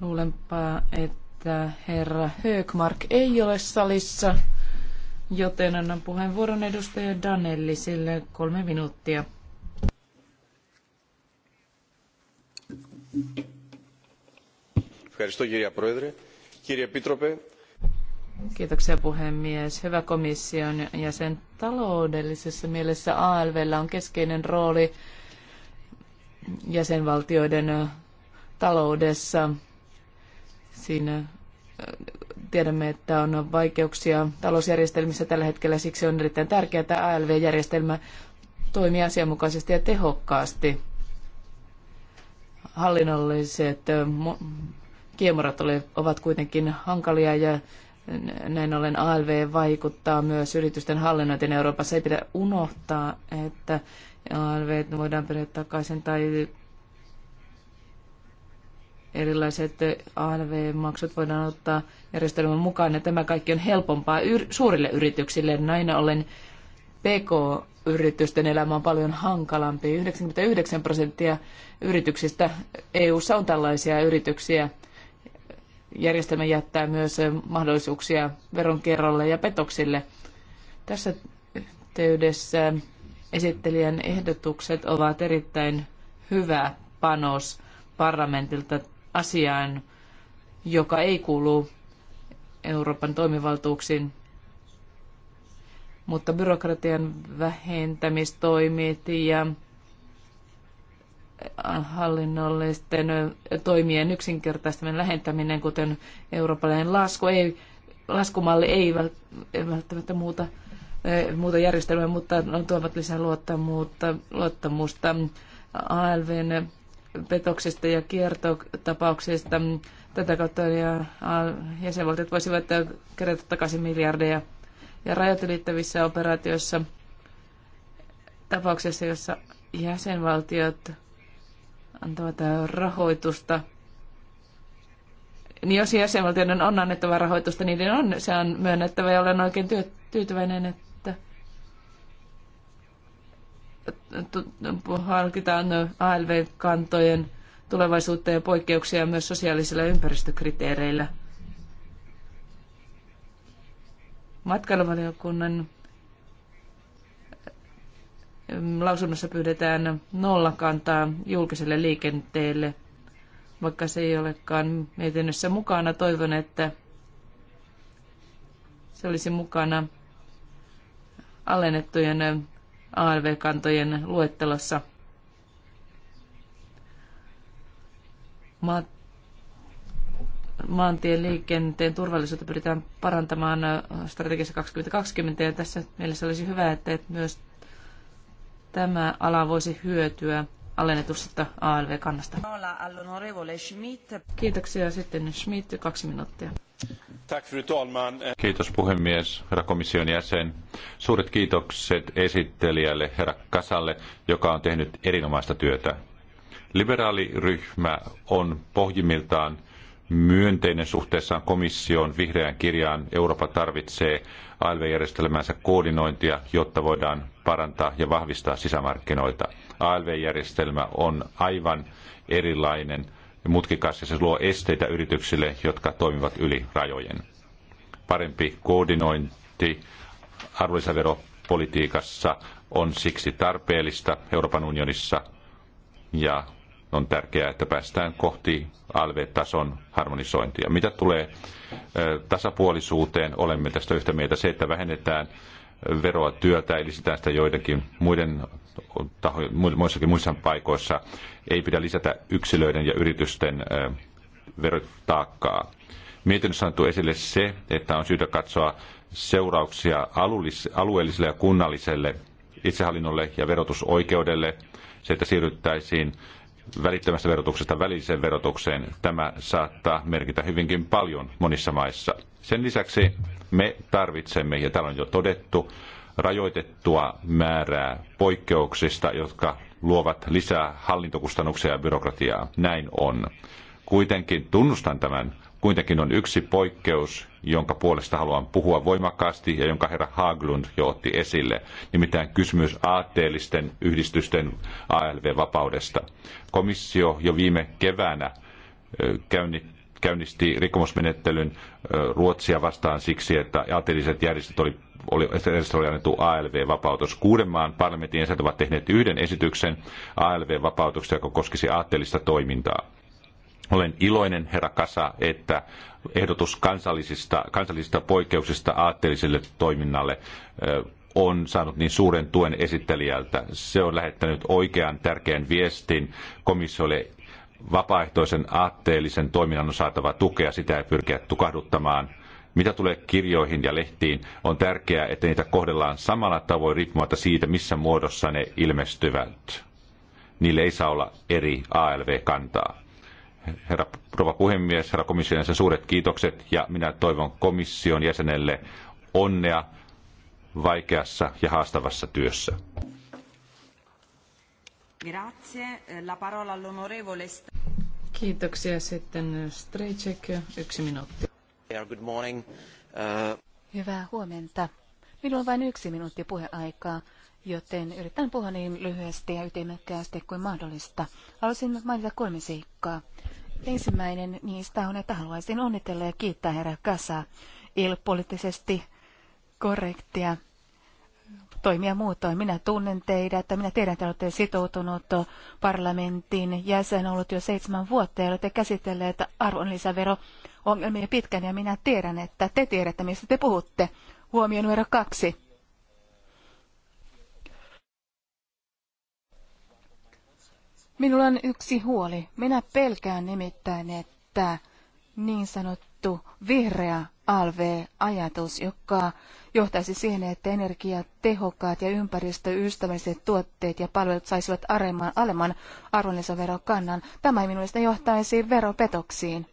Luulenpa, että että herra Höökmark ei ole salissa, joten annan puheenvuoron edustaja Danellisille kolme minuuttia. Kiitoksia puhemies. Hyvä komission jäsen. Taloudellisessa mielessä ALVllä on keskeinen rooli jäsenvaltioiden taloudessa Siinä äh, tiedämme, että on vaikeuksia talousjärjestelmissä tällä hetkellä, siksi on erittäin tärkeää, että ALV-järjestelmä toimii asianmukaisesti ja tehokkaasti. Hallinnolliset äh, kiemurat ovat kuitenkin hankalia ja näin ollen ALV vaikuttaa myös yritysten hallinnointiin Euroopassa. Ei pidä unohtaa, että ALV voidaan periä takaisin tai erilaiset ALV-maksut voidaan ottaa järjestelmän mukaan, ja tämä kaikki on helpompaa suurille yrityksille. Näin ollen PK-yritysten elämä on paljon hankalampi. 99 prosenttia yrityksistä EU on tällaisia yrityksiä. Järjestelmä jättää myös mahdollisuuksia veronkerrolle ja petoksille. Tässä teydessä esittelijän ehdotukset ovat erittäin hyvä panos parlamentilta asiaan, joka ei kuulu Euroopan toimivaltuuksiin, mutta byrokratian vähentämistoimet ja hallinnollisten toimien yksinkertaistaminen lähentäminen, kuten eurooppalainen lasku, ei, laskumalli ei välttämättä muuta, eh, muuta järjestelmää, mutta on tuovat lisää luottamusta, luottamusta ALVn petoksista ja kiertotapauksista. Tätä kautta ja jäsenvaltiot voisivat kerätä takaisin miljardeja. Ja rajat ylittävissä operaatioissa tapauksessa, jossa jäsenvaltiot antavat rahoitusta, niin jos jäsenvaltioiden on annettava rahoitusta, niiden on, se on myönnettävä ja olen oikein tyytyväinen, että harkitaan ALV-kantojen tulevaisuutta ja poikkeuksia myös sosiaalisilla ympäristökriteereillä. Matkailuvaliokunnan lausunnossa pyydetään nollakantaa julkiselle liikenteelle. Vaikka se ei olekaan mietinnössä mukana, toivon, että se olisi mukana alennettujen ALV-kantojen luettelossa. Ma- maantien liikenteen turvallisuutta pyritään parantamaan strategiassa 2020 ja tässä mielessä olisi hyvä, että myös tämä ala voisi hyötyä alennetusta ALV-kannasta. Kiitoksia. Sitten Schmidt, kaksi minuuttia. Kiitos puhemies, herra komission jäsen. Suuret kiitokset esittelijälle, herra Kasalle, joka on tehnyt erinomaista työtä. Liberaaliryhmä on pohjimmiltaan myönteinen suhteessaan komission vihreään kirjaan. Eurooppa tarvitsee ALV-järjestelmänsä koordinointia, jotta voidaan parantaa ja vahvistaa sisämarkkinoita. ALV-järjestelmä on aivan erilainen ja mutkikas ja se luo esteitä yrityksille, jotka toimivat yli rajojen. Parempi koordinointi arvonlisäveropolitiikassa on siksi tarpeellista Euroopan unionissa ja on tärkeää, että päästään kohti alvetason harmonisointia. Mitä tulee tasapuolisuuteen, olemme tästä yhtä mieltä se, että vähennetään veroa työtä, eli sitä, sitä joidenkin muiden taho, muissakin muissa paikoissa ei pidä lisätä yksilöiden ja yritysten verotaakkaa. Mietinnössä on esille se, että on syytä katsoa seurauksia alueelliselle ja kunnalliselle itsehallinnolle ja verotusoikeudelle, se, että siirryttäisiin välittömästä verotuksesta väliseen verotukseen. Tämä saattaa merkitä hyvinkin paljon monissa maissa. Sen lisäksi me tarvitsemme, ja täällä on jo todettu, rajoitettua määrää poikkeuksista, jotka luovat lisää hallintokustannuksia ja byrokratiaa. Näin on. Kuitenkin tunnustan tämän Kuitenkin on yksi poikkeus, jonka puolesta haluan puhua voimakkaasti ja jonka herra Haglund jo otti esille, nimittäin kysymys aatteellisten yhdistysten ALV-vapaudesta. Komissio jo viime keväänä käynnisti rikkomusmenettelyn Ruotsia vastaan siksi, että aatteelliset järjestöt oli oli, oli annettu ALV-vapautus. Kuuden maan parlamentin jäsenet ovat tehneet yhden esityksen ALV-vapautuksesta, joka koskisi aatteellista toimintaa. Olen iloinen, herra Kasa, että ehdotus kansallisista, kansallisista poikkeuksista aatteelliselle toiminnalle on saanut niin suuren tuen esittelijältä. Se on lähettänyt oikean tärkeän viestin komissiolle vapaaehtoisen aatteellisen toiminnan on saatava tukea, sitä ei pyrkiä tukahduttamaan. Mitä tulee kirjoihin ja lehtiin, on tärkeää, että niitä kohdellaan samalla tavoin riippumatta siitä, missä muodossa ne ilmestyvät. Niille ei saa olla eri ALV-kantaa herra rouva puhemies, herra komission jäsen, suuret kiitokset ja minä toivon komission jäsenelle onnea vaikeassa ja haastavassa työssä. Grazie. La parola all'onorevole Kiitoksia. Sitten äh, Strejcek, yksi minuutti. Good morning. Uh... Hyvää huomenta. Minulla on vain yksi minuutti puheaikaa joten yritän puhua niin lyhyesti ja ytimekkäästi kuin mahdollista. Haluaisin mainita kolme seikkaa. Ensimmäinen niistä on, että haluaisin onnitella ja kiittää herra Kasa ilpoliittisesti korrektia toimia muutoin. Minä tunnen teidät, että minä tiedän, että olette sitoutunut parlamentin jäsen ollut jo seitsemän vuotta ja olette käsitelleet arvonlisävero ongelmia pitkän ja minä tiedän, että te tiedätte, mistä te puhutte. Huomio numero kaksi Minulla on yksi huoli. Minä pelkään nimittäin, että niin sanottu vihreä ALV-ajatus, joka johtaisi siihen, että energiatehokkaat ja ympäristöystävälliset tuotteet ja palvelut saisivat aremman, alemman arvonlisäverokannan. Tämä ei minusta johtaisi veropetoksiin.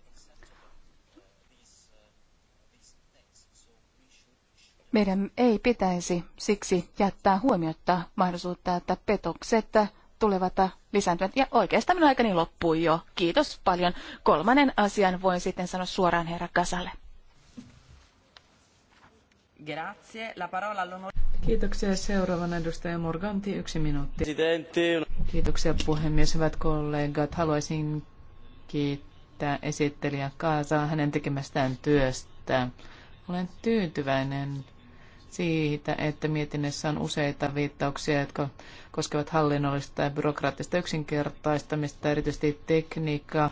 Meidän ei pitäisi siksi jättää huomiota mahdollisuutta, että petokset tulevat lisääntymät Ja oikeastaan minun aikani loppui jo. Kiitos paljon. Kolmannen asian voin sitten sanoa suoraan herra Kasalle. Grazie. La parola Kiitoksia. Seuraavana edustaja Morganti, yksi minuutti. Kiitoksia puhemies, hyvät kollegat. Haluaisin kiittää esittelijä Kaasaa hänen tekemästään työstä. Olen tyytyväinen siitä, että mietinnössä on useita viittauksia, jotka koskevat hallinnollista ja byrokraattista yksinkertaistamista, erityisesti tekniikka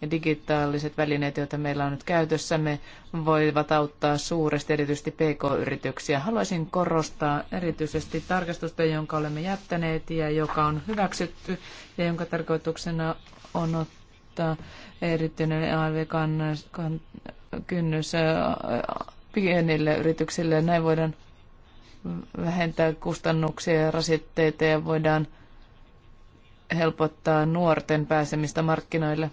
ja digitaaliset välineet, joita meillä on nyt käytössämme, voivat auttaa suuresti erityisesti PK-yrityksiä. Haluaisin korostaa erityisesti tarkastusta, jonka olemme jättäneet ja joka on hyväksytty ja jonka tarkoituksena on ottaa erityinen ALV-kynnys äh, pienille yrityksille. Näin voidaan vähentää kustannuksia ja rasitteita ja voidaan helpottaa nuorten pääsemistä markkinoille.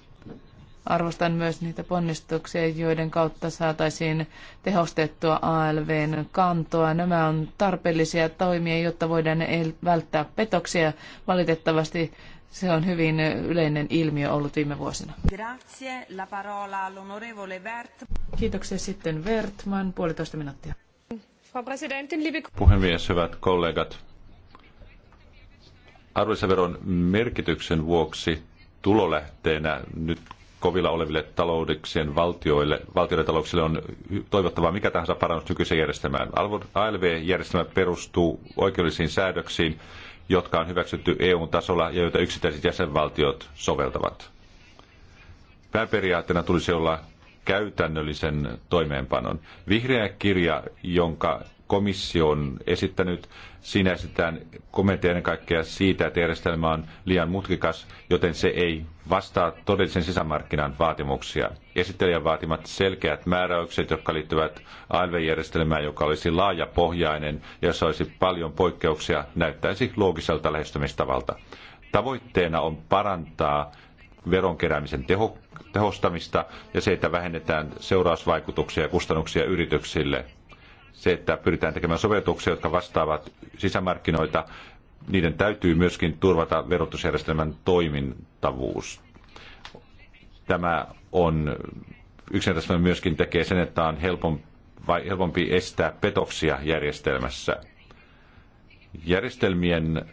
Arvostan myös niitä ponnistuksia, joiden kautta saataisiin tehostettua ALVn kantoa. Nämä on tarpeellisia toimia, jotta voidaan välttää petoksia. Valitettavasti se on hyvin yleinen ilmiö ollut viime vuosina. Grazie. La parola Kiitoksia sitten Vertman. Puolitoista minuuttia. Puhemies, hyvät kollegat. Arvonlisäveron merkityksen vuoksi tulolähteenä nyt kovilla oleville talouksien valtioille, valtioiden talouksille on toivottavaa mikä tahansa parannus nykyiseen järjestelmään. ALV-järjestelmä perustuu oikeudellisiin säädöksiin, jotka on hyväksytty EU-tasolla ja joita yksittäiset jäsenvaltiot soveltavat. Pääperiaatteena tulisi olla käytännöllisen toimeenpanon. Vihreä kirja, jonka komissio on esittänyt, siinä esitetään kommentteja ennen kaikkea siitä, että järjestelmä on liian mutkikas, joten se ei vastaa todellisen sisämarkkinan vaatimuksia. Esittelijän vaatimat selkeät määräykset, jotka liittyvät ALV-järjestelmään, joka olisi laajapohjainen ja jossa olisi paljon poikkeuksia, näyttäisi loogiselta lähestymistavalta. Tavoitteena on parantaa veronkeräämisen teho, tehostamista ja se, että vähennetään seurausvaikutuksia ja kustannuksia yrityksille. Se, että pyritään tekemään sovelluksia, jotka vastaavat sisämarkkinoita, niiden täytyy myöskin turvata verotusjärjestelmän toimintavuus. Tämä on yksinkertaisesti myöskin tekee sen, että on helpompi, helpompi estää petoksia järjestelmässä. Järjestelmien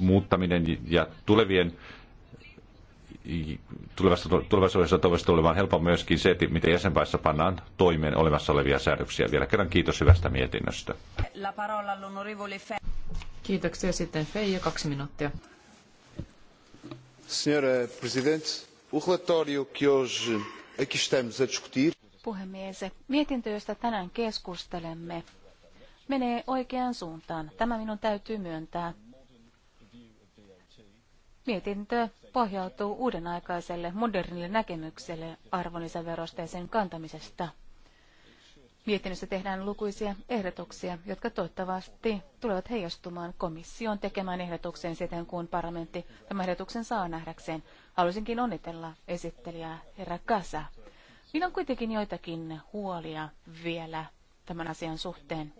muuttaminen ja tulevien tulevaisuudessa toivottavasti olemaan helppo myöskin se, että miten jäsenvaiheessa pannaan toimeen olemassa olevia säädöksiä. Vielä kerran kiitos hyvästä mietinnöstä. Kiitoksia sitten Feija, kaksi minuuttia. Signora Presidente, o relatório que Puhemies, mietintö, josta tänään keskustelemme, menee oikeaan suuntaan. Tämä minun täytyy myöntää. Mietintö pohjautuu uudenaikaiselle, modernille näkemykselle arvonlisäverosta ja sen kantamisesta. Mietinnössä tehdään lukuisia ehdotuksia, jotka toivottavasti tulevat heijastumaan komission tekemään ehdotukseen siten, kun parlamentti tämän ehdotuksen saa nähdäkseen. Haluaisinkin onnitella esittelijää herra Kasa. Minä on kuitenkin joitakin huolia vielä tämän asian suhteen.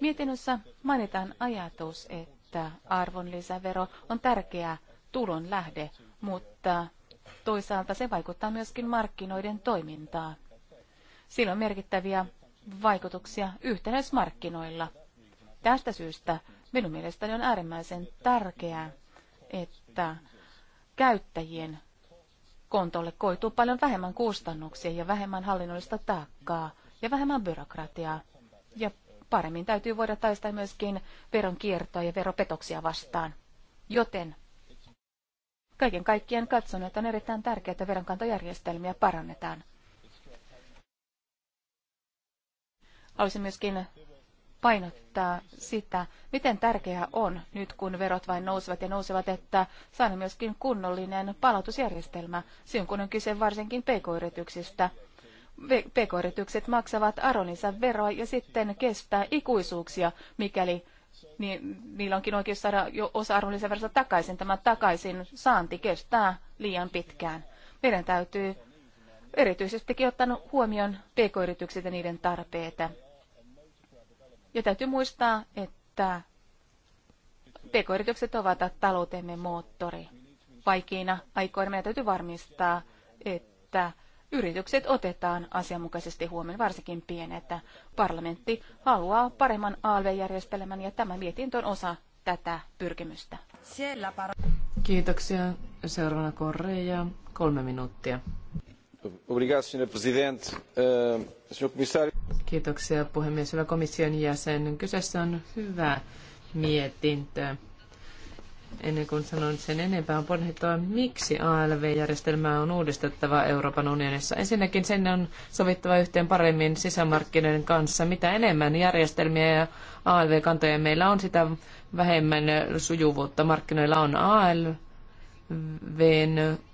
Mietinnössä mainitaan ajatus, että että arvonlisävero on tärkeä tulon lähde, mutta toisaalta se vaikuttaa myöskin markkinoiden toimintaan. Sillä on merkittäviä vaikutuksia yhtenäismarkkinoilla. Tästä syystä minun mielestäni on äärimmäisen tärkeää, että käyttäjien kontolle koituu paljon vähemmän kustannuksia ja vähemmän hallinnollista taakkaa ja vähemmän byrokratiaa ja paremmin täytyy voida taistaa myöskin veronkiertoa ja veropetoksia vastaan. Joten kaiken kaikkien katson, että on erittäin tärkeää, että veronkantojärjestelmiä parannetaan. Haluaisin myöskin painottaa sitä, miten tärkeää on nyt, kun verot vain nousevat ja nousevat, että saadaan myöskin kunnollinen palautusjärjestelmä, silloin kun on kyse varsinkin pk-yrityksistä – pk-yritykset maksavat aroninsa veroa ja sitten kestää ikuisuuksia, mikäli niin niillä onkin oikeus saada jo osa arvonlisäverosta takaisin. Tämä takaisin saanti kestää liian pitkään. Meidän täytyy erityisesti ottaa huomioon pk-yritykset ja niiden tarpeita. Ja täytyy muistaa, että pk-yritykset ovat taloutemme moottori. Vaikeina aikoina meidän täytyy varmistaa, että Yritykset otetaan asianmukaisesti huomioon, varsinkin pienet. Parlamentti haluaa paremman ALV-järjestelmän ja tämä mietintö on osa tätä pyrkimystä. Kiitoksia. Seuraavana Korreja, kolme minuuttia. Eh, Kiitoksia puhemies, hyvä komission jäsen. Kyseessä on hyvä mietintö ennen kuin sanon sen enempää, on pohdittava, miksi ALV-järjestelmää on uudistettava Euroopan unionissa. Ensinnäkin sen on sovittava yhteen paremmin sisämarkkinoiden kanssa. Mitä enemmän järjestelmiä ja ALV-kantoja meillä on, sitä vähemmän sujuvuutta markkinoilla on. ALVn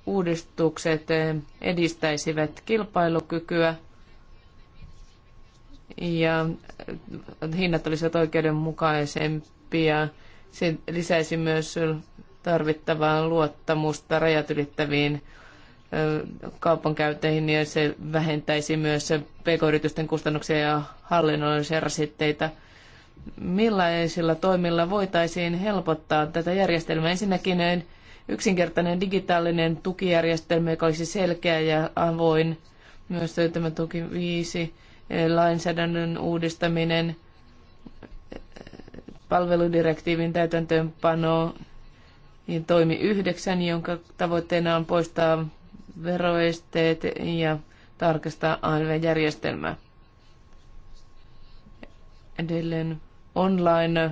uudistukset edistäisivät kilpailukykyä ja hinnat olisivat oikeudenmukaisempia se lisäisi myös tarvittavaa luottamusta rajat ylittäviin kaupankäynteihin ja se vähentäisi myös pk-yritysten kustannuksia ja hallinnollisia rasitteita. Millaisilla toimilla voitaisiin helpottaa tätä järjestelmää? Ensinnäkin yksinkertainen digitaalinen tukijärjestelmä, joka olisi selkeä ja avoin. Myös tämä tuki viisi lainsäädännön uudistaminen palveludirektiivin täytäntöönpano niin toimi yhdeksän, jonka tavoitteena on poistaa veroesteet ja tarkastaa ALV-järjestelmää. Edelleen online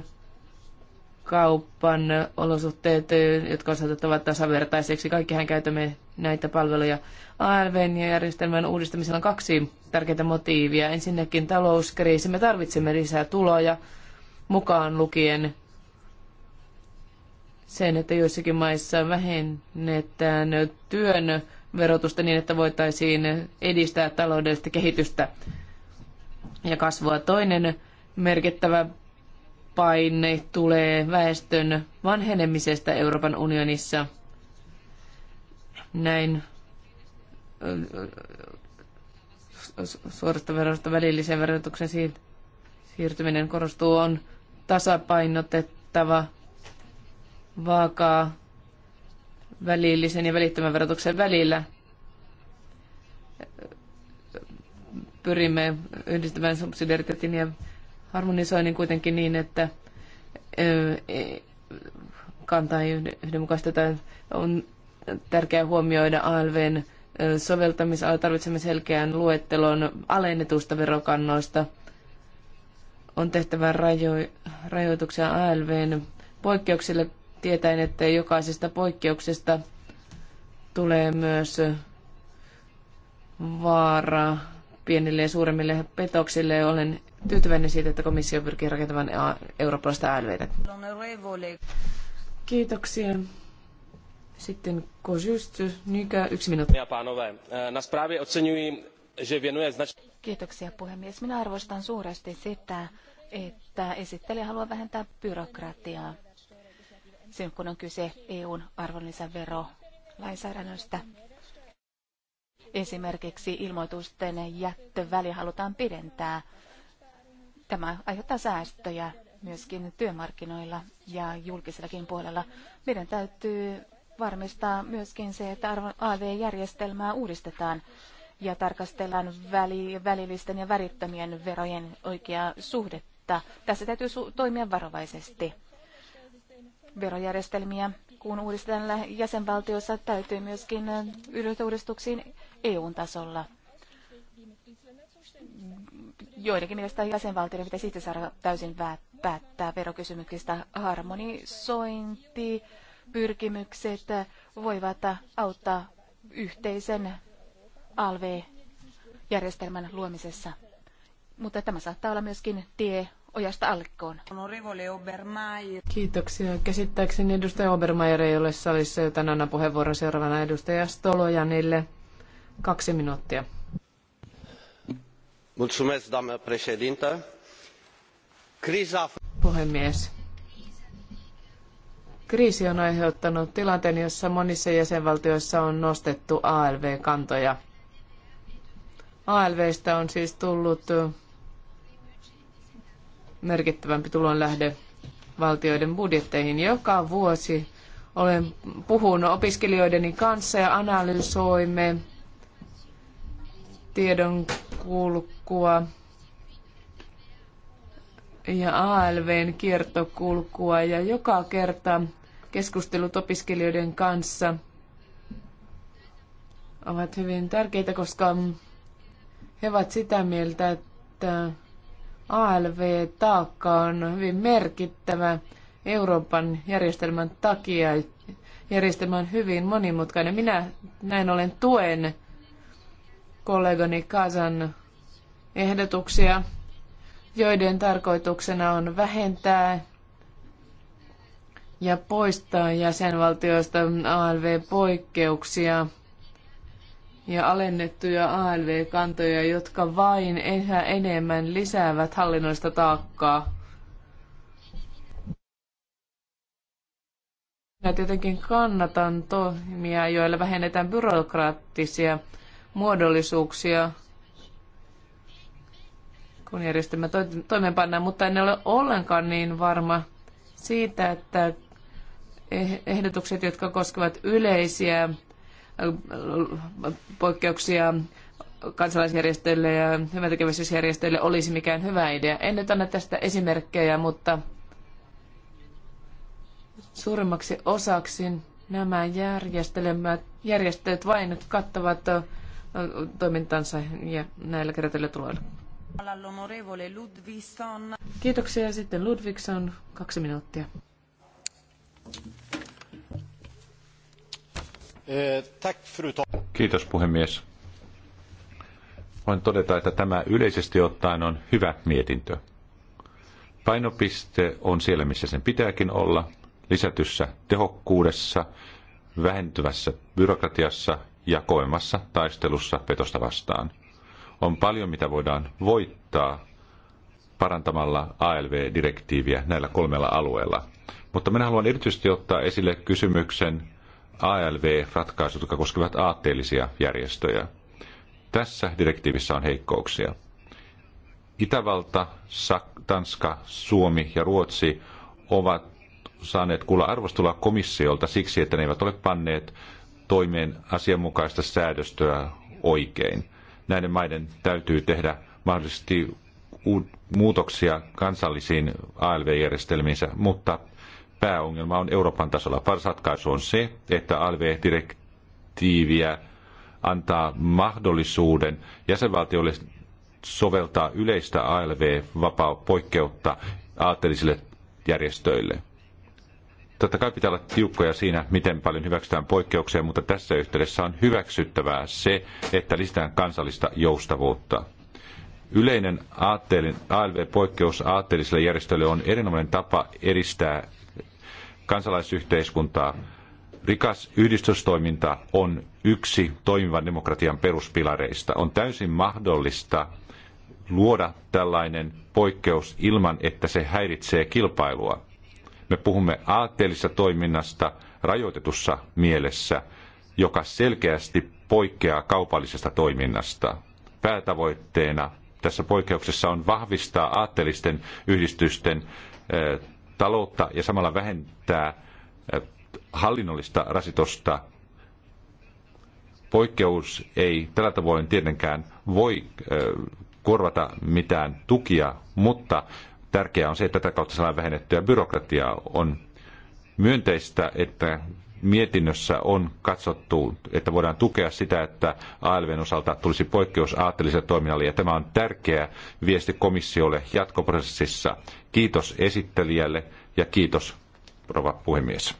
kauppan olosuhteet, jotka on saatettava tasavertaiseksi. Kaikkihan käytämme näitä palveluja. ALVn ja järjestelmän uudistamisella on kaksi tärkeää motiivia. Ensinnäkin talouskriisi. Me tarvitsemme lisää tuloja mukaan lukien sen, että joissakin maissa vähennetään työn verotusta niin, että voitaisiin edistää taloudellista kehitystä ja kasvua. Toinen merkittävä paine tulee väestön vanhenemisesta Euroopan unionissa. Näin suorasta verosta välilliseen verotuksen siirtyminen korostuu on tasapainotettava vaakaa välillisen ja välittömän verotuksen välillä. Pyrimme yhdistämään subsidiariteetin ja harmonisoinnin kuitenkin niin, että e, kanta ei yhdenmukaisteta. On tärkeää huomioida ALVn soveltamisala. Tarvitsemme selkeän luettelon alennetusta verokannoista – on tehtävä rajo- rajoituksia ALVn poikkeuksille tietäen, että jokaisesta poikkeuksesta tulee myös vaara pienille ja suuremmille petoksille. Olen tyytyväinen siitä, että komissio pyrkii rakentamaan eurooppalaista ALVtä. Kiitoksia. Sitten Kožyst, Nykä, yksi minuutti. Na správě oceňuji, že věnuje značně Kiitoksia puhemies. Minä arvostan suuresti sitä, että esittelijä haluaa vähentää byrokratiaa silloin, kun on kyse EUn arvonlisäverolainsäädännöstä. Esimerkiksi ilmoitusten jättöväli halutaan pidentää. Tämä aiheuttaa säästöjä myöskin työmarkkinoilla ja julkisellakin puolella. Meidän täytyy varmistaa myöskin se, että AV-järjestelmää uudistetaan ja tarkastellaan väli, välillisten ja värittömien verojen oikeaa suhdetta. Tässä täytyy toimia varovaisesti. Verojärjestelmiä, kun uudistetaan jäsenvaltiossa, täytyy myöskin äh, uudistuksiin EU-tasolla. Joidenkin mielestä jäsenvaltioiden pitäisi itse saada täysin päättää verokysymyksistä. Harmonisointi, pyrkimykset voivat auttaa yhteisen ALV-järjestelmän luomisessa. Mutta tämä saattaa olla myöskin tie ojasta allikkoon. Kiitoksia. Käsittääkseni edustaja Obermeier ei ole salissa, joten annan puheenvuoron seuraavana edustaja Stolojanille. Kaksi minuuttia. Mulțumesc, doamnă președintă. Criza... Puhemies. Kriisi on aiheuttanut tilanteen, jossa monissa jäsenvaltioissa on nostettu ALV-kantoja – ALVstä on siis tullut merkittävämpi tulonlähde valtioiden budjetteihin. Joka vuosi olen puhunut opiskelijoideni kanssa ja analysoimme tiedon kulkua ja ALVn kiertokulkua ja joka kerta keskustelut opiskelijoiden kanssa ovat hyvin tärkeitä, koska he ovat sitä mieltä, että ALV-taakka on hyvin merkittävä Euroopan järjestelmän takia. Järjestelmä on hyvin monimutkainen. Minä näin olen tuen kollegani Kasan ehdotuksia, joiden tarkoituksena on vähentää ja poistaa jäsenvaltioista ALV-poikkeuksia ja alennettuja ALV-kantoja, jotka vain ehkä enemmän lisäävät hallinnoista taakkaa. Minä tietenkin kannatan toimia, joilla vähennetään byrokraattisia muodollisuuksia, kun järjestelmä to- toimeenpannaan, mutta en ole ollenkaan niin varma siitä, että eh-, ehdotukset, jotka koskevat yleisiä poikkeuksia kansalaisjärjestöille ja hyväntekeväisyysjärjestöille olisi mikään hyvä idea. En nyt anna tästä esimerkkejä, mutta suurimmaksi osaksi nämä järjestöt vain kattavat toimintansa ja näillä kerätyillä tuloilla. Kiitoksia. Sitten Ludvigson, kaksi minuuttia. Eh, Kiitos puhemies. Voin todeta, että tämä yleisesti ottaen on hyvä mietintö. Painopiste on siellä, missä sen pitääkin olla, lisätyssä tehokkuudessa, vähentyvässä byrokratiassa ja koemassa taistelussa petosta vastaan. On paljon, mitä voidaan voittaa parantamalla ALV-direktiiviä näillä kolmella alueella. Mutta minä haluan erityisesti ottaa esille kysymyksen ALV-ratkaisut, jotka koskevat aatteellisia järjestöjä. Tässä direktiivissä on heikkouksia. Itävalta, Tanska, Suomi ja Ruotsi ovat saaneet kuulla arvostulla komissiolta siksi, että ne eivät ole panneet toimeen asianmukaista säädöstöä oikein. Näiden maiden täytyy tehdä mahdollisesti muutoksia kansallisiin ALV-järjestelmiinsä, mutta pääongelma on Euroopan tasolla. Paras ratkaisu on se, että ALV-direktiiviä antaa mahdollisuuden jäsenvaltioille soveltaa yleistä ALV-vapaa-poikkeutta aatteellisille järjestöille. Totta kai pitää olla tiukkoja siinä, miten paljon hyväksytään poikkeuksia, mutta tässä yhteydessä on hyväksyttävää se, että lisätään kansallista joustavuutta. Yleinen ALV-poikkeus aatteellisille järjestöille on erinomainen tapa edistää kansalaisyhteiskuntaa. Rikas yhdistystoiminta on yksi toimivan demokratian peruspilareista. On täysin mahdollista luoda tällainen poikkeus ilman, että se häiritsee kilpailua. Me puhumme aatteellisesta toiminnasta rajoitetussa mielessä, joka selkeästi poikkeaa kaupallisesta toiminnasta. Päätavoitteena tässä poikkeuksessa on vahvistaa aatteellisten yhdistysten eh, taloutta ja samalla vähentää hallinnollista rasitosta. Poikkeus ei tällä tavoin tietenkään voi korvata mitään tukia, mutta tärkeää on se, että tätä kautta saadaan vähennettyä byrokratiaa. On myönteistä, että mietinnössä on katsottu, että voidaan tukea sitä, että ALVn osalta tulisi poikkeus aatteelliselle toiminnalle, ja tämä on tärkeä viesti komissiolle jatkoprosessissa. Kiitos esittelijälle ja kiitos, rouva puhemies.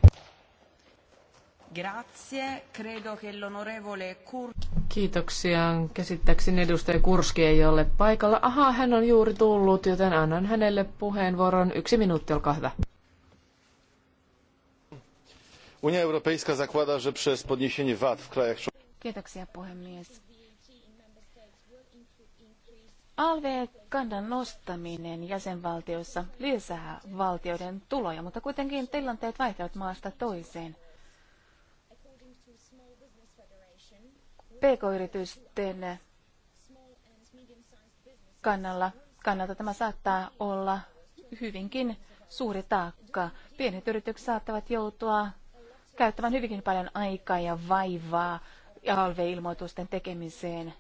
Kiitoksia. Käsittääkseni edustaja Kurski ei ole paikalla. Ahaa, hän on juuri tullut, joten annan hänelle puheenvuoron. Yksi minuutti, olkaa hyvä. Unia Europejska zakłada, że przez podniesienie VAT w krajach Kiitoksia puhemies. ALV-kannan nostaminen jäsenvaltioissa lisää valtioiden tuloja, mutta kuitenkin tilanteet vaihtelevat maasta toiseen. PK-yritysten kannalla, kannalta tämä saattaa olla hyvinkin suuri taakka. Pienet yritykset saattavat joutua käyttävän hyvinkin paljon aikaa ja vaivaa ja alveilmoitusten tekemiseen,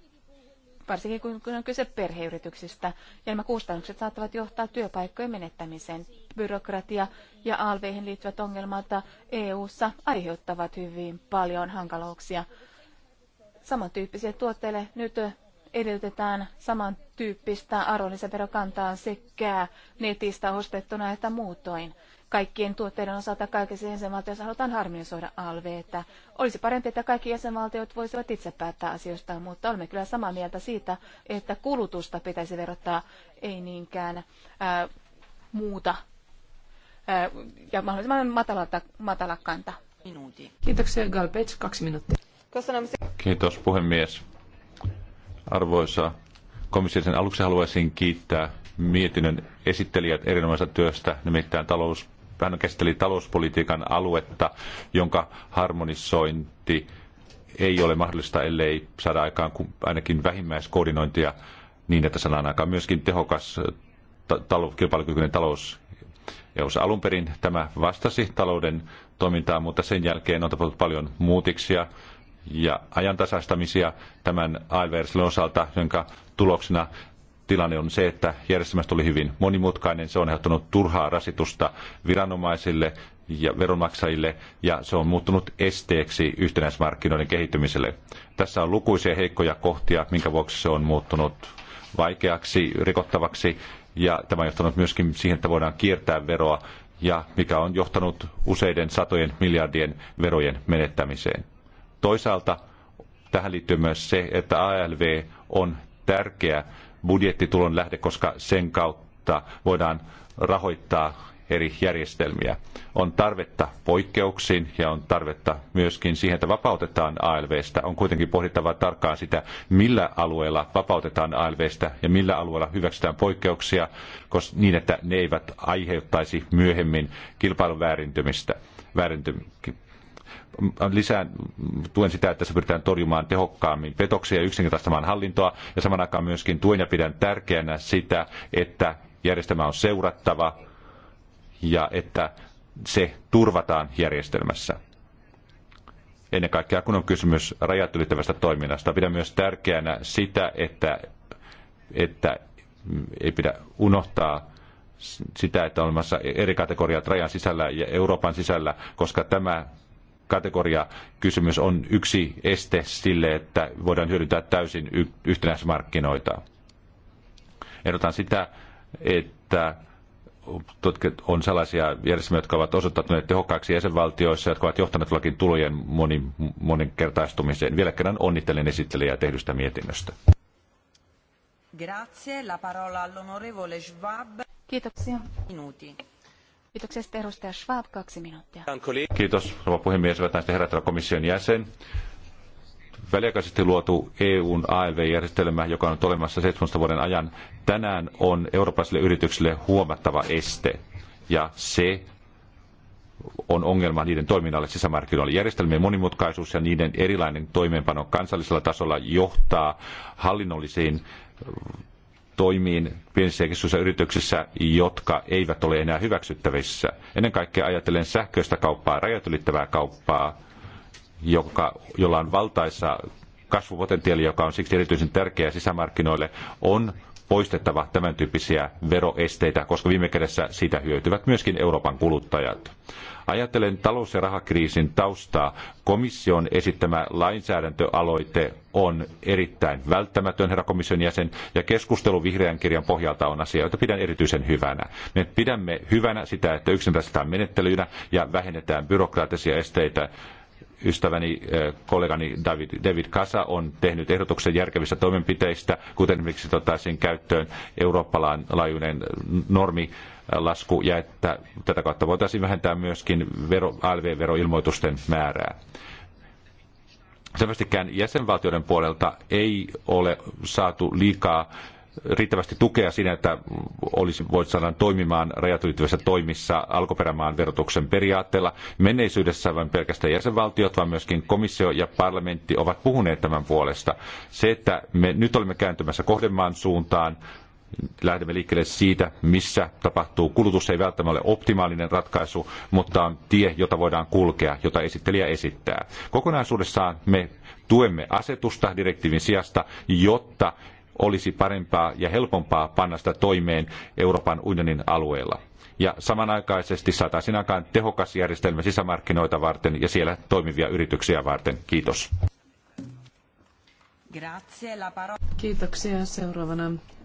varsinkin kun on kyse perheyrityksistä. Ja nämä kustannukset saattavat johtaa työpaikkojen menettämiseen. Byrokratia ja alveihin liittyvät ongelmat EU-ssa aiheuttavat hyvin paljon hankaluuksia. Samantyyppisille tuotteille nyt edellytetään samantyyppistä arvonlisäverokantaa sekä netistä ostettuna että muutoin kaikkien tuotteiden osalta kaikissa jäsenvaltioissa halutaan harmonisoida alveita. Olisi parempi, että kaikki jäsenvaltiot voisivat itse päättää asioista, mutta olemme kyllä samaa mieltä siitä, että kulutusta pitäisi verottaa, ei niinkään ää, muuta ää, ja mahdollisimman matalata, matala kanta. Minuutin. Kiitoksia, Galpets. Kaksi minuuttia. Kiitos, puhemies. Arvoisa komission aluksi haluaisin kiittää mietinnön esittelijät erinomaisesta työstä, nimittäin talous hän käsitteli talouspolitiikan aluetta, jonka harmonisointi ei ole mahdollista, ellei saada aikaan ainakin vähimmäiskoordinointia niin, että saadaan aikaan myöskin tehokas talou, kilpailukykyinen talous. Ja jos alun perin tämä vastasi talouden toimintaa, mutta sen jälkeen on tapahtunut paljon muutiksia ja ajantasaistamisia tämän ALV-järjestelmän osalta, jonka tuloksena tilanne on se, että järjestelmästä oli hyvin monimutkainen. Se on aiheuttanut turhaa rasitusta viranomaisille ja veronmaksajille, ja se on muuttunut esteeksi yhtenäismarkkinoiden kehittymiselle. Tässä on lukuisia heikkoja kohtia, minkä vuoksi se on muuttunut vaikeaksi, rikottavaksi, ja tämä on johtanut myöskin siihen, että voidaan kiertää veroa, ja mikä on johtanut useiden satojen miljardien verojen menettämiseen. Toisaalta tähän liittyy myös se, että ALV on tärkeä budjettitulon lähde, koska sen kautta voidaan rahoittaa eri järjestelmiä. On tarvetta poikkeuksiin ja on tarvetta myöskin siihen, että vapautetaan ALVstä. On kuitenkin pohdittava tarkkaan sitä, millä alueella vapautetaan ALVstä ja millä alueella hyväksytään poikkeuksia, koska niin, että ne eivät aiheuttaisi myöhemmin kilpailun väärintymistä. Väärinty, lisään tuen sitä, että se pyritään torjumaan tehokkaammin petoksia ja yksinkertaistamaan hallintoa. Ja saman aikaan myöskin tuen ja pidän tärkeänä sitä, että järjestelmä on seurattava ja että se turvataan järjestelmässä. Ennen kaikkea kun on kysymys rajat ylittävästä toiminnasta, pidän myös tärkeänä sitä, että, että ei pidä unohtaa sitä, että on olemassa eri kategoriat rajan sisällä ja Euroopan sisällä, koska tämä kategoria kysymys on yksi este sille, että voidaan hyödyntää täysin y- yhtenäismarkkinoita. Ehdotan sitä, että on sellaisia järjestelmiä, jotka ovat osoittaneet tehokkaaksi jäsenvaltioissa, jotka ovat johtaneet lakin tulojen moni, moninkertaistumiseen. Vielä kerran onnittelen esittelijää tehdystä mietinnöstä. Grazie, la parola all'onorevole Schwab. Kiitoksia. Minuutin. Kiitoksia sitten edustaja Schwab, kaksi minuuttia. Kiitos, rouva puhemies, hyvät näistä herättävä komission jäsen. Väliaikaisesti luotu EUn ALV-järjestelmä, joka on olemassa 17 vuoden ajan, tänään on eurooppalaisille yrityksille huomattava este. Ja se on ongelma niiden toiminnalle sisämarkkinoilla. Järjestelmien monimutkaisuus ja niiden erilainen toimeenpano kansallisella tasolla johtaa hallinnollisiin toimiin pienissä ja keskisissä yrityksissä, jotka eivät ole enää hyväksyttävissä. Ennen kaikkea ajatellen sähköistä kauppaa, rajat ylittävää kauppaa, joka, jolla on valtaisa kasvupotentiaali, joka on siksi erityisen tärkeä sisämarkkinoille, on poistettava tämän tyyppisiä veroesteitä, koska viime kädessä siitä hyötyvät myöskin Euroopan kuluttajat. Ajatellen talous- ja rahakriisin taustaa. Komission esittämä lainsäädäntöaloite on erittäin välttämätön, herra komission jäsen, ja keskustelu vihreän kirjan pohjalta on asia, jota pidän erityisen hyvänä. Me pidämme hyvänä sitä, että yksinkertaistetaan menettelyynä ja vähennetään byrokraattisia esteitä ystäväni, eh, kollegani David, David Kasa on tehnyt ehdotuksen järkevistä toimenpiteistä, kuten esimerkiksi ottaisin käyttöön eurooppalainen laajuinen normi lasku ja että tätä kautta voitaisiin vähentää myöskin vero, ALV-veroilmoitusten määrää. Selvästikään jäsenvaltioiden puolelta ei ole saatu liikaa riittävästi tukea siinä, että olisi, voit saada toimimaan rajat ylittävissä toimissa alkuperämaan verotuksen periaatteella. Menneisyydessä vain pelkästään jäsenvaltiot, vaan myöskin komissio ja parlamentti ovat puhuneet tämän puolesta. Se, että me nyt olemme kääntymässä kohdemaan suuntaan, lähdemme liikkeelle siitä, missä tapahtuu. Kulutus ei välttämättä ole optimaalinen ratkaisu, mutta on tie, jota voidaan kulkea, jota esittelijä esittää. Kokonaisuudessaan me tuemme asetusta direktiivin sijasta, jotta olisi parempaa ja helpompaa panna sitä toimeen Euroopan unionin alueella. Ja samanaikaisesti saataisiin aikaan tehokas järjestelmä sisämarkkinoita varten ja siellä toimivia yrityksiä varten. Kiitos. Kiitoksia. Seuraavana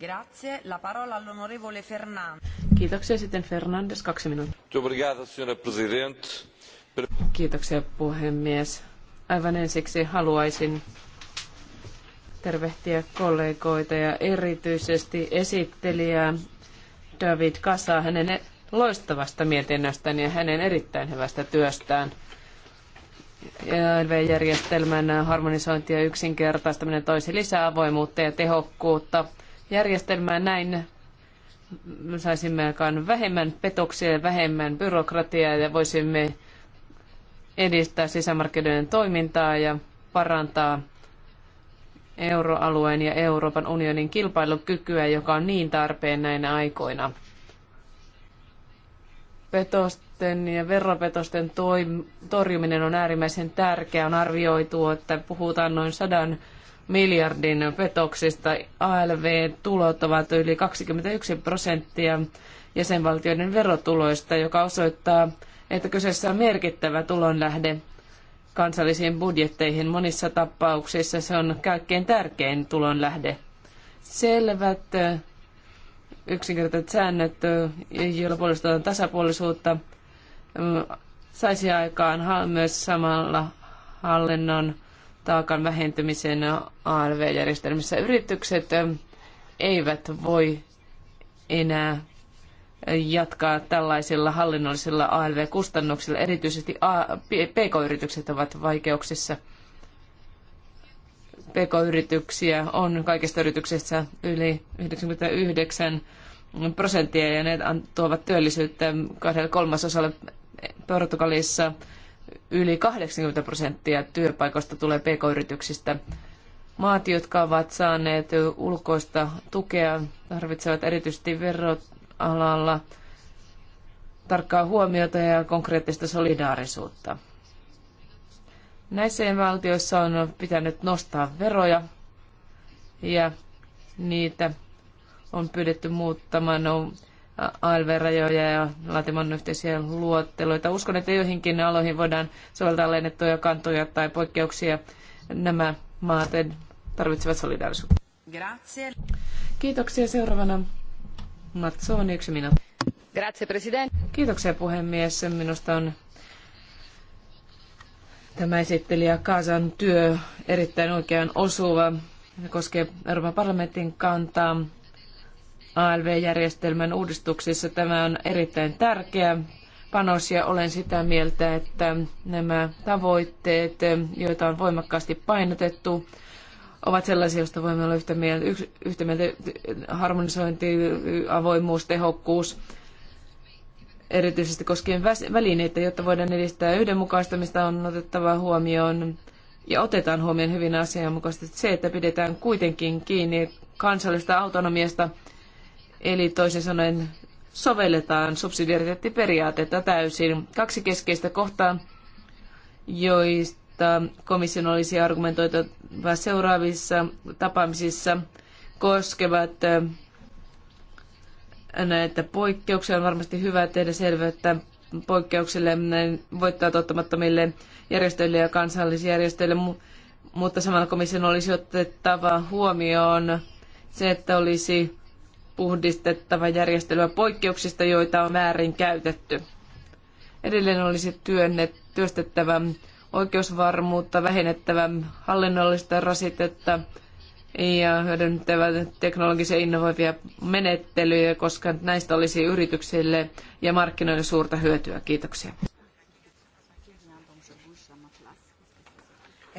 Grazie. La parola all'onorevole Fernandes. Kiitoksia sitten Fernandes, kaksi minuuttia. Kiitoksia puhemies. Aivan ensiksi haluaisin tervehtiä kollegoita ja erityisesti esittelijää David Kasa hänen loistavasta mietinnöstään ja hänen erittäin hyvästä työstään. ELV-järjestelmän harmonisointi ja yksinkertaistaminen toisi lisää avoimuutta ja tehokkuutta – järjestelmää näin saisimme aikaan vähemmän petoksia ja vähemmän byrokratiaa ja voisimme edistää sisämarkkinoiden toimintaa ja parantaa euroalueen ja Euroopan unionin kilpailukykyä, joka on niin tarpeen näinä aikoina. Petosten ja veropetosten torjuminen on äärimmäisen tärkeää. On arvioitu, että puhutaan noin sadan miljardin petoksista. ALV-tulot ovat yli 21 prosenttia jäsenvaltioiden verotuloista, joka osoittaa, että kyseessä on merkittävä tulonlähde kansallisiin budjetteihin. Monissa tapauksissa se on kaikkein tärkein tulonlähde. Selvät yksinkertaiset säännöt, joilla puolustetaan tasapuolisuutta, saisi aikaan myös samalla hallinnon taakan vähentymisen ALV-järjestelmissä. Yritykset eivät voi enää jatkaa tällaisilla hallinnollisilla ALV-kustannuksilla. Erityisesti PK-yritykset ovat vaikeuksissa. PK-yrityksiä on kaikista yrityksistä yli 99 prosenttia ja ne tuovat työllisyyttä kahdella kolmasosalle Portugalissa yli 80 prosenttia työpaikoista tulee pk-yrityksistä. Maat, jotka ovat saaneet ulkoista tukea, tarvitsevat erityisesti veroalalla tarkkaa huomiota ja konkreettista solidaarisuutta. Näissä valtioissa on pitänyt nostaa veroja ja niitä on pyydetty muuttamaan ALV-rajoja ja laatimon yhteisiä luotteluita. Uskon, että joihinkin aloihin voidaan soveltaa lennettuja kantoja tai poikkeuksia. Nämä maat tarvitsevat solidaarisuutta. Grazie. Kiitoksia. Seuraavana Matsoni, yksi minuutti. Grazie, president. Kiitoksia puhemies. Minusta on tämä esittelijä Kaasan työ erittäin oikean osuva. Se koskee Euroopan parlamentin kantaa ALV-järjestelmän uudistuksissa. Tämä on erittäin tärkeä panos ja olen sitä mieltä, että nämä tavoitteet, joita on voimakkaasti painotettu, ovat sellaisia, joista voimme olla yhtä mieltä, yhtä mieltä harmonisointi, avoimuus, tehokkuus, erityisesti koskien välineitä, jotta voidaan edistää yhdenmukaistamista, on otettava huomioon ja otetaan huomioon hyvin asianmukaisesti se, että pidetään kuitenkin kiinni kansallisesta autonomiasta Eli toisin sanoen sovelletaan subsidiariteettiperiaatetta täysin. Kaksi keskeistä kohtaa, joista komission olisi argumentoitava seuraavissa tapaamisissa, koskevat näitä poikkeuksia. On varmasti hyvä tehdä selvä, että poikkeuksille voittaa tottamattomille järjestöille ja kansallisjärjestöille, mutta samalla komission olisi otettava huomioon se, että olisi puhdistettava järjestelyä poikkeuksista, joita on väärin käytetty. Edelleen olisi työnnet työstettävä oikeusvarmuutta, vähennettävä hallinnollista rasitetta ja hyödynnettävä teknologisia innovoivia menettelyjä, koska näistä olisi yrityksille ja markkinoille suurta hyötyä. Kiitoksia.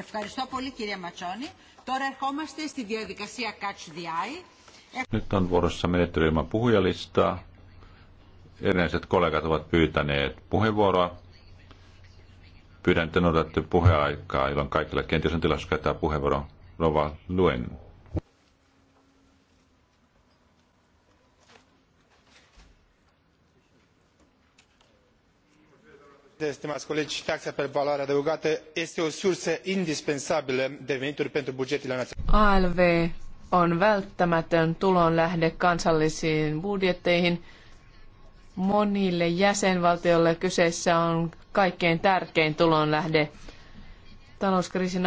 Ευχαριστώ πολύ κυρία Ματσόνη. Τώρα ερχόμαστε στη διαδικασία Catch the Eye. Nyt on vuorossa menettely ilman puhujalistaa. Erinäiset kollegat ovat pyytäneet puheenvuoroa. Pyydän, että noudatte puheaikaa, jolloin kaikilla kenties on tilaisuus käyttää puheenvuoron. Rova Luen. taxa pe valoare adăugată este o sursă indispensabilă de venituri pentru bugetele naționale on välttämätön tulonlähde kansallisiin budjetteihin. Monille jäsenvaltioille kyseessä on kaikkein tärkein tulonlähde. Talouskriisin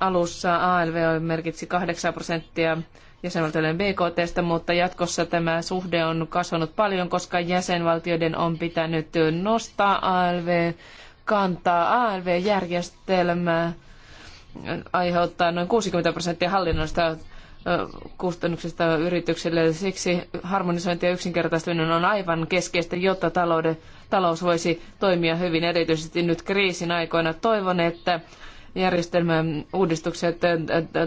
alussa ALV merkitsi 8 prosenttia jäsenvaltioiden BKTstä, mutta jatkossa tämä suhde on kasvanut paljon, koska jäsenvaltioiden on pitänyt nostaa ALV kantaa. ALV-järjestelmä aiheuttaa noin 60 prosenttia hallinnollista kustannuksista yrityksille. Siksi harmonisointi ja yksinkertaistuminen on aivan keskeistä, jotta talouden, talous voisi toimia hyvin, erityisesti nyt kriisin aikoina. Toivon, että järjestelmän uudistukset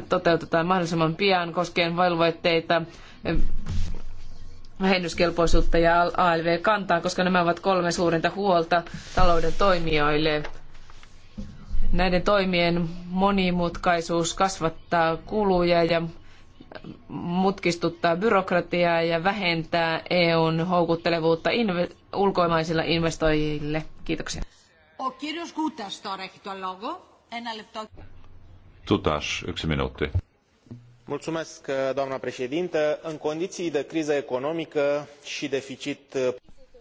toteutetaan mahdollisimman pian koskien velvoitteita vähennyskelpoisuutta ja ALV-kantaa, koska nämä ovat kolme suurinta huolta talouden toimijoille. Näiden toimien monimutkaisuus kasvattaa kuluja ja mutkistuttaa byrokratiaa ja vähentää EUn houkuttelevuutta inve- ulkomaisilla investoijille. Kiitoksia. Tutas, yksi minuutti. Mulțumesc, doamna președintă. În condiții de criză economică și deficit...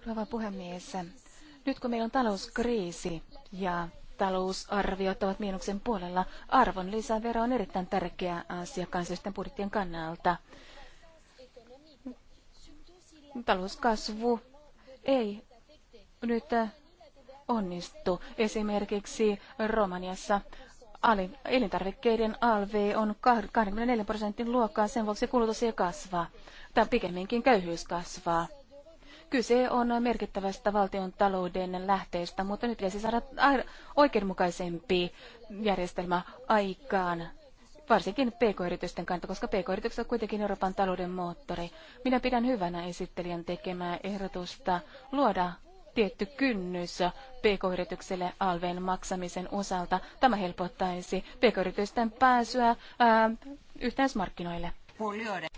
Rova puhemies, nyt kun meillä on talouskriisi ja talousarviot ovat miinuksen puolella. Arvonlisävero on erittäin tärkeä asia kansallisten budjettien kannalta. Talouskasvu ei nyt onnistu. Esimerkiksi Romaniassa elintarvikkeiden ALV on 24 prosentin luokkaa, sen vuoksi kulutus ei kasva, tai pikemminkin köyhyys kasvaa. Kyse on merkittävästä valtion talouden lähteestä, mutta nyt pitäisi saada oikeudenmukaisempi järjestelmä aikaan varsinkin pk-yritysten kannalta, koska pk-yritykset on kuitenkin Euroopan talouden moottori. Minä pidän hyvänä esittelijän tekemää ehdotusta luoda tietty kynnys pk-yritykselle alveen maksamisen osalta. Tämä helpottaisi pk-yritysten pääsyä ää, yhteismarkkinoille.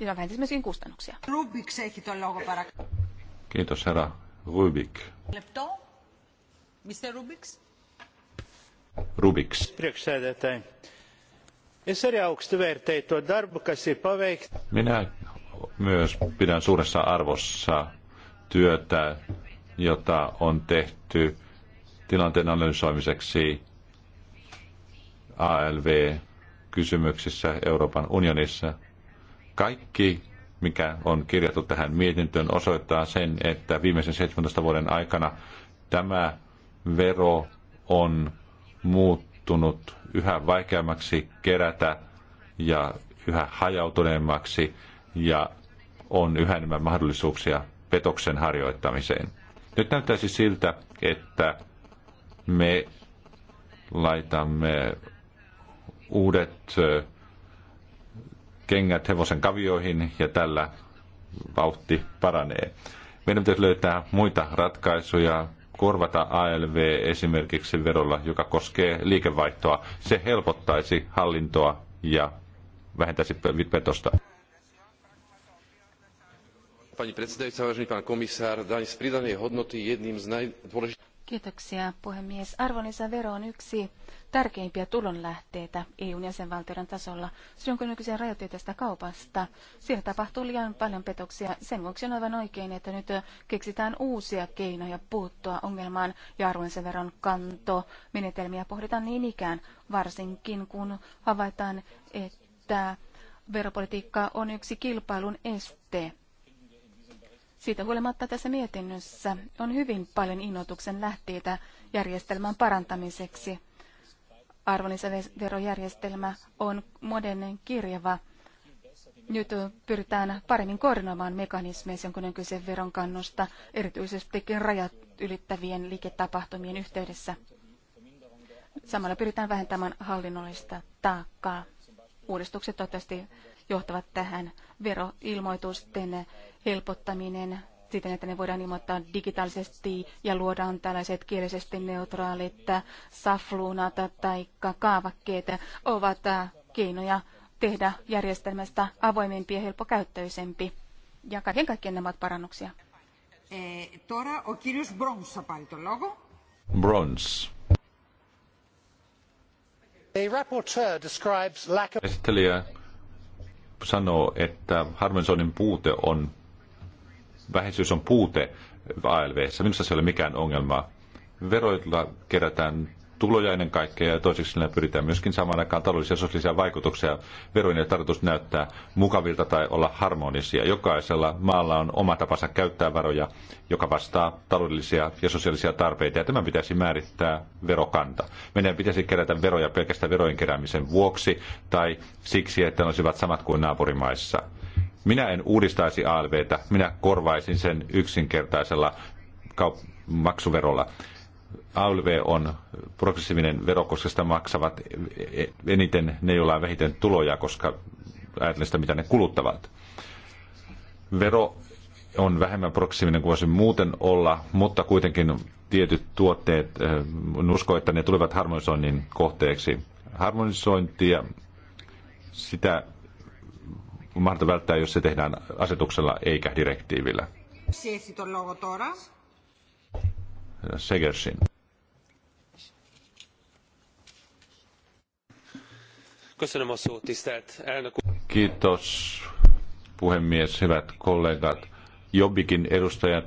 Ja vähentäisi myöskin kustannuksia. Rubiks, Kiitos, herra Rubik. Mr. Rubiks? Rubiks. Minä myös pidän suuressa arvossa työtä, jota on tehty tilanteen analysoimiseksi ALV-kysymyksissä Euroopan unionissa. Kaikki mikä on kirjattu tähän mietintöön, osoittaa sen, että viimeisen 17 vuoden aikana tämä vero on muuttunut yhä vaikeammaksi kerätä ja yhä hajautuneemmaksi ja on yhä enemmän mahdollisuuksia petoksen harjoittamiseen. Nyt näyttäisi siltä, että me laitamme uudet kengät hevosen kavioihin ja tällä vauhti paranee. Meidän pitäisi löytää muita ratkaisuja, korvata ALV esimerkiksi verolla, joka koskee liikevaihtoa. Se helpottaisi hallintoa ja vähentäisi petosta. Pani predsedajúca, vážený pán komisár, daň z pridanej hodnoty jedným z najdôležitejších Kiitoksia, puhemies. Arvonlisävero on yksi tärkeimpiä tulonlähteitä EUn jäsenvaltioiden tasolla. Se on nykyisiä rajoitteita kaupasta. Siellä tapahtuu liian paljon petoksia. Sen vuoksi on aivan oikein, että nyt keksitään uusia keinoja puuttua ongelmaan ja arvonlisäveron kanto. Menetelmiä pohditaan niin ikään, varsinkin kun havaitaan, että veropolitiikka on yksi kilpailun este siitä huolimatta tässä mietinnössä on hyvin paljon innoituksen lähteitä järjestelmän parantamiseksi. Arvonlisäverojärjestelmä on modernin kirjava. Nyt pyritään paremmin koordinoimaan mekanismeja, jonkun on kyse veronkannosta, erityisestikin rajat ylittävien liiketapahtumien yhteydessä. Samalla pyritään vähentämään hallinnollista taakkaa. Uudistukset toivottavasti johtavat tähän veroilmoitusten helpottaminen siten, että ne voidaan ilmoittaa digitaalisesti ja luodaan tällaiset kielisesti neutraalit safluunat tai kaavakkeet ovat keinoja tehdä järjestelmästä avoimempi ja helppokäyttöisempi. Ja kaiken kaikkiaan nämä ovat parannuksia. Τώρα eh, ο logo. Μπρόνς The rapporteur describes lack of. Esittelijä sanoo, että harmonisoinnin niin puute on, vähäisyys on puute ALV. Minusta se ei ole mikään ongelma. Veroilla kerätään tuloja ennen kaikkea ja toiseksi sillä pyritään myöskin saamaan aikaan taloudellisia ja sosiaalisia vaikutuksia. Verojen ja tarkoitus näyttää mukavilta tai olla harmonisia. Jokaisella maalla on oma tapansa käyttää varoja, joka vastaa taloudellisia ja sosiaalisia tarpeita ja tämä pitäisi määrittää verokanta. Meidän pitäisi kerätä veroja pelkästään verojen keräämisen vuoksi tai siksi, että ne olisivat samat kuin naapurimaissa. Minä en uudistaisi ALVtä, minä korvaisin sen yksinkertaisella maksuverolla. ALV on progressiivinen vero, koska sitä maksavat eniten ne, joilla on vähiten tuloja, koska ajatellaan sitä, mitä ne kuluttavat. Vero on vähemmän progressiivinen kuin voisi muuten olla, mutta kuitenkin tietyt tuotteet, en eh, usko, että ne tulevat harmonisoinnin kohteeksi. Harmonisointia, sitä on mahdollista välttää, jos se tehdään asetuksella eikä direktiivillä. Segersin. Kiitos puhemies, hyvät kollegat. Jobbikin edustajat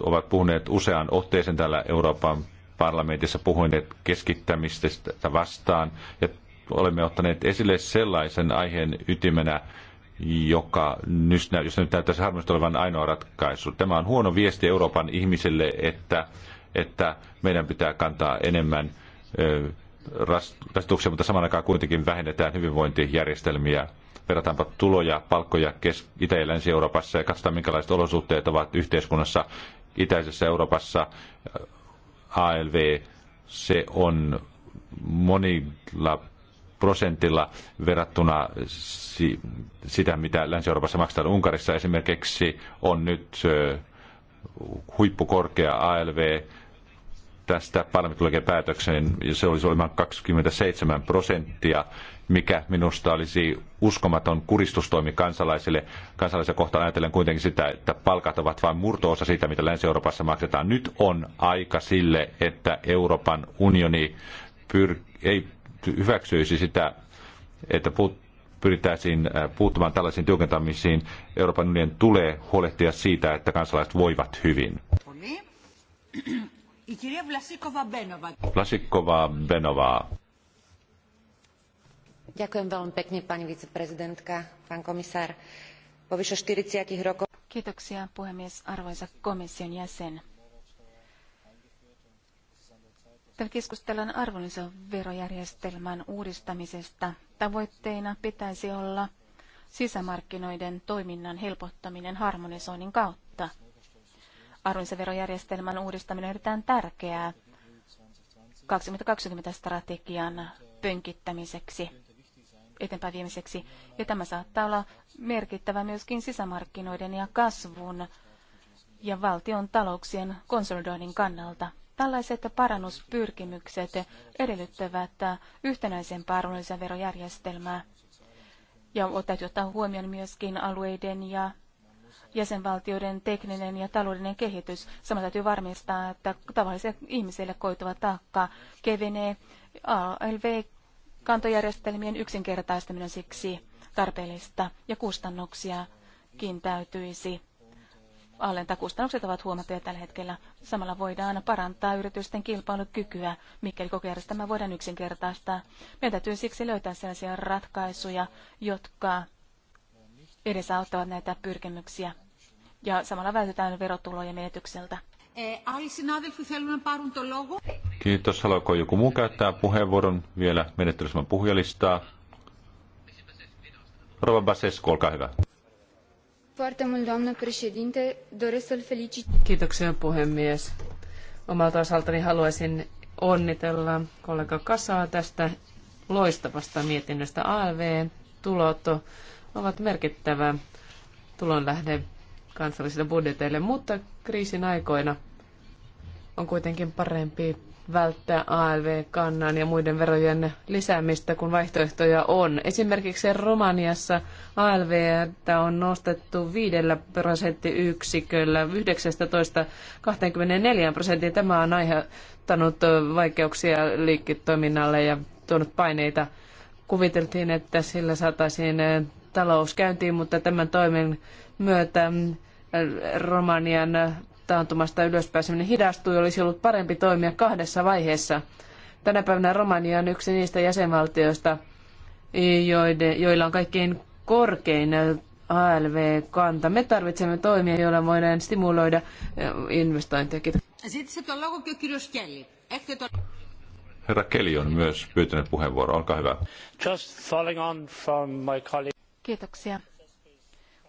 ovat puhuneet useaan otteeseen täällä Euroopan parlamentissa puhuneet keskittämistä vastaan ja olemme ottaneet esille sellaisen aiheen ytimenä, joka nyt, jos nyt näyttäisi harmillisesti ainoa ratkaisu. Tämä on huono viesti Euroopan ihmisille, että että meidän pitää kantaa enemmän rastuksia, mutta samaan aikaan kuitenkin vähennetään hyvinvointijärjestelmiä. Verrataanpa tuloja, palkkoja Kes- Itä- ja Länsi-Euroopassa ja katsotaan, minkälaiset olosuhteet ovat yhteiskunnassa Itäisessä Euroopassa. ALV, se on monilla prosentilla verrattuna si- sitä, mitä Länsi-Euroopassa maksetaan. Unkarissa esimerkiksi on nyt huippukorkea ALV, tästä parlamentin päätökseen, ja se olisi olemaan 27 prosenttia, mikä minusta olisi uskomaton kuristustoimi kansalaisille. Kansalaisia kohtaan ajatellen kuitenkin sitä, että palkat ovat vain murtoosa siitä, mitä Länsi-Euroopassa maksetaan. Nyt on aika sille, että Euroopan unioni pyr- ei hyväksyisi sitä, että put- pyritäisiin äh, puuttumaan tällaisiin tiukentamisiin. Euroopan unionin tulee huolehtia siitä, että kansalaiset voivat hyvin. Η κυρία Βλασίκοβα Μπένοβα. Βλασίκοβα Μπένοβα. Ďakujem veľmi pekne, pani viceprezidentka, pán komisár. Po vyše 40 rokov... Kiitoksia, puhemies, arvoisa komission jäsen. Täällä keskustellaan arvonlisäverojärjestelmän uudistamisesta. Tavoitteena pitäisi olla sisämarkkinoiden toiminnan helpottaminen harmonisoinnin kautta arvonlisäverojärjestelmän uudistaminen on erittäin tärkeää 2020-strategian pönkittämiseksi, eteenpäin viemiseksi. Ja tämä saattaa olla merkittävä myöskin sisämarkkinoiden ja kasvun ja valtion talouksien konsolidoinnin kannalta. Tällaiset parannuspyrkimykset edellyttävät yhtenäisempää arvonlisäverojärjestelmää. Ja täytyy ottaa huomioon myöskin alueiden ja jäsenvaltioiden tekninen ja taloudellinen kehitys. Sama täytyy varmistaa, että tavallisille ihmisille koituva taakka kevenee. ALV-kantojärjestelmien yksinkertaistaminen siksi tarpeellista ja kustannuksiakin täytyisi alentaa. Kustannukset ovat huomattavia tällä hetkellä. Samalla voidaan parantaa yritysten kilpailukykyä, mikäli koko järjestelmä voidaan yksinkertaistaa. Meidän täytyy siksi löytää sellaisia ratkaisuja, jotka edesauttavat näitä pyrkimyksiä ja samalla vältetään verotulojen menetykseltä. Eh, Kiitos. Haluatko joku muu käyttää puheenvuoron vielä menettelysemän puhujalistaa? Rova Basescu, olkaa hyvä. Kiitoksia puhemies. Omalta osaltani haluaisin onnitella kollega Kasaa tästä loistavasta mietinnöstä. ALV-tulot ovat merkittävä tulonlähde kansallisille budjeteille, mutta kriisin aikoina on kuitenkin parempi välttää ALV-kannan ja muiden verojen lisäämistä, kun vaihtoehtoja on. Esimerkiksi Romaniassa ALV on nostettu 5 prosenttiyksiköllä 19-24 prosenttia. Tämä on aiheuttanut vaikeuksia liiketoiminnalle ja tuonut paineita. Kuviteltiin, että sillä saataisiin talous käyntiin, mutta tämän toimen myötä Romanian taantumasta ylöspääseminen hidastui, olisi ollut parempi toimia kahdessa vaiheessa. Tänä päivänä Romania on yksi niistä jäsenvaltioista, joiden, joilla on kaikkein korkein ALV-kanta. Me tarvitsemme toimia, joilla voidaan stimuloida eh, investointeja. Kiitos. Herra Keli on myös pyytänyt puheenvuoroa. Olkaa hyvä. Just on from my Kiitoksia.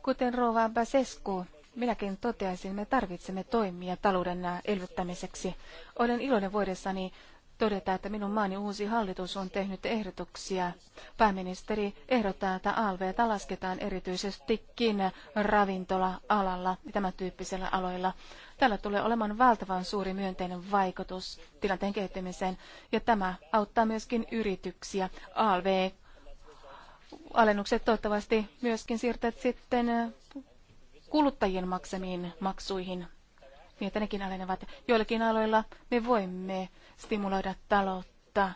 Kuten Rova Basescu Minäkin toteaisin, me tarvitsemme toimia talouden elvyttämiseksi. Olen iloinen voidessani todeta, että minun maani uusi hallitus on tehnyt ehdotuksia. Pääministeri ehdottaa, että alveita lasketaan erityisestikin ravintola-alalla ja tämän tyyppisillä aloilla. Tällä tulee olemaan valtavan suuri myönteinen vaikutus tilanteen kehittymiseen ja tämä auttaa myöskin yrityksiä. ALV-alennukset toivottavasti myöskin siirtävät sitten kuluttajien maksamiin maksuihin, niin että nekin alenevat. Joillakin aloilla me voimme stimuloida taloutta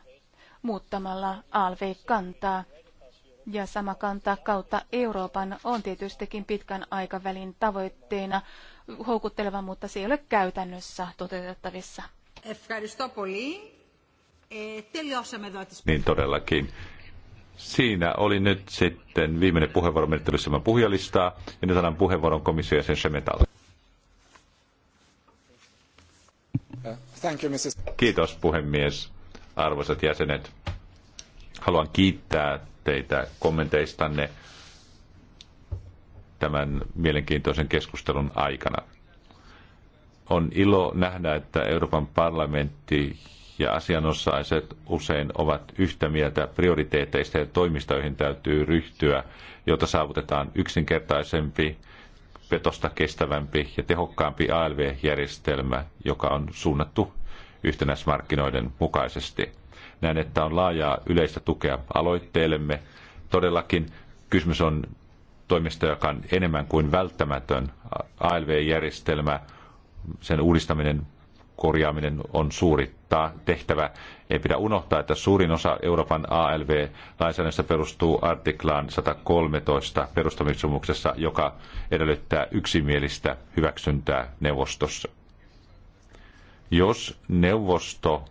muuttamalla ALV-kantaa. Ja sama kanta kautta Euroopan on tietystikin pitkän aikavälin tavoitteena houkutteleva, mutta se ei ole käytännössä toteutettavissa. Niin todellakin. Siinä oli nyt sitten viimeinen puheenvuoro menettelyssä puhujalistaa, ja nyt annan puheenvuoron komission jäsen Shemetalle. Kiitos puhemies, arvoisat jäsenet. Haluan kiittää teitä kommenteistanne tämän mielenkiintoisen keskustelun aikana. On ilo nähdä, että Euroopan parlamentti ja asianosaiset usein ovat yhtä mieltä prioriteeteista ja toimista, joihin täytyy ryhtyä, jotta saavutetaan yksinkertaisempi, petosta kestävämpi ja tehokkaampi ALV-järjestelmä, joka on suunnattu yhtenäismarkkinoiden mukaisesti. Näen, että on laajaa yleistä tukea aloitteellemme. Todellakin kysymys on toimista, joka on enemmän kuin välttämätön. ALV-järjestelmä, sen uudistaminen korjaaminen on suuri tehtävä. Ei pidä unohtaa, että suurin osa Euroopan alv lainsäädännössä perustuu artiklaan 113 perustamissopimuksessa, joka edellyttää yksimielistä hyväksyntää neuvostossa. Jos neuvosto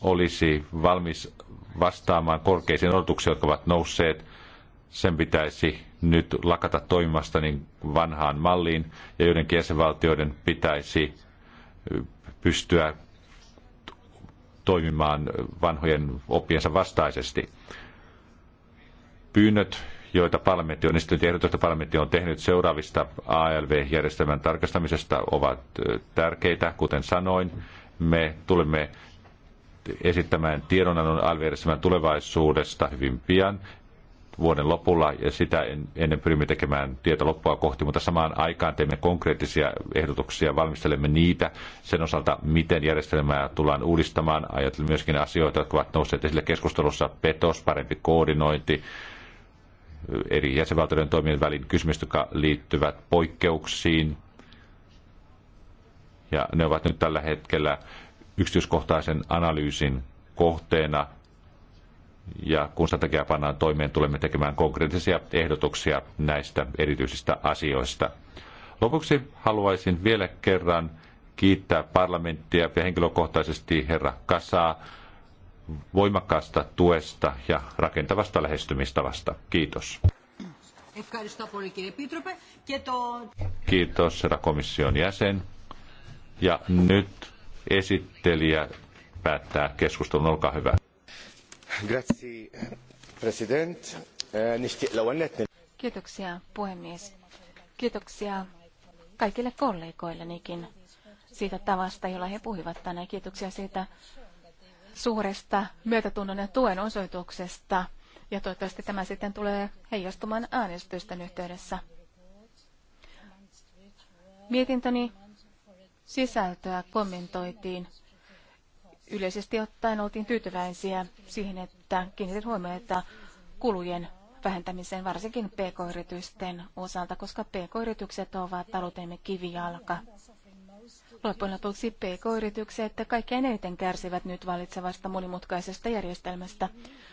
olisi valmis vastaamaan korkeisiin odotuksiin, jotka ovat nousseet, sen pitäisi nyt lakata toimimasta niin vanhaan malliin, ja joidenkin jäsenvaltioiden pitäisi pystyä toimimaan vanhojen oppiensa vastaisesti. Pyynnöt, joita parlamentti on esittänyt, ehdotusta parlamentti on tehnyt seuraavista ALV-järjestelmän tarkastamisesta, ovat tärkeitä. Kuten sanoin, me tulemme esittämään tiedonannon alv tulevaisuudesta hyvin pian vuoden lopulla ja sitä ennen pyrimme tekemään tietä loppua kohti, mutta samaan aikaan teemme konkreettisia ehdotuksia, valmistelemme niitä sen osalta, miten järjestelmää tullaan uudistamaan. Ajattelin myöskin asioita, jotka ovat nousseet esille keskustelussa, petos, parempi koordinointi, eri jäsenvaltioiden toimien välin kysymykset, jotka liittyvät poikkeuksiin. Ja ne ovat nyt tällä hetkellä yksityiskohtaisen analyysin kohteena ja kun strategiaa pannaan toimeen, tulemme tekemään konkreettisia ehdotuksia näistä erityisistä asioista. Lopuksi haluaisin vielä kerran kiittää parlamenttia ja henkilökohtaisesti herra Kasaa voimakkaasta tuesta ja rakentavasta lähestymistavasta. Kiitos. Kiitos, herra komission jäsen. Ja nyt esittelijä päättää keskustelun. Olkaa hyvä. Eh, Kiitoksia, puhemies. Kiitoksia kaikille kollegoillenikin siitä tavasta, jolla he puhuivat tänään. Kiitoksia siitä suuresta myötätunnon ja tuen osoituksesta. Ja toivottavasti tämä sitten tulee heijastumaan äänestysten yhteydessä. Mietintöni sisältöä kommentoitiin yleisesti ottaen oltiin tyytyväisiä siihen, että kiinnitetään huomiota kulujen vähentämiseen, varsinkin pk-yritysten osalta, koska pk-yritykset ovat taloutemme kivijalka. Loppujen lopuksi pk-yritykset kaikkein eniten kärsivät nyt valitsevasta monimutkaisesta järjestelmästä.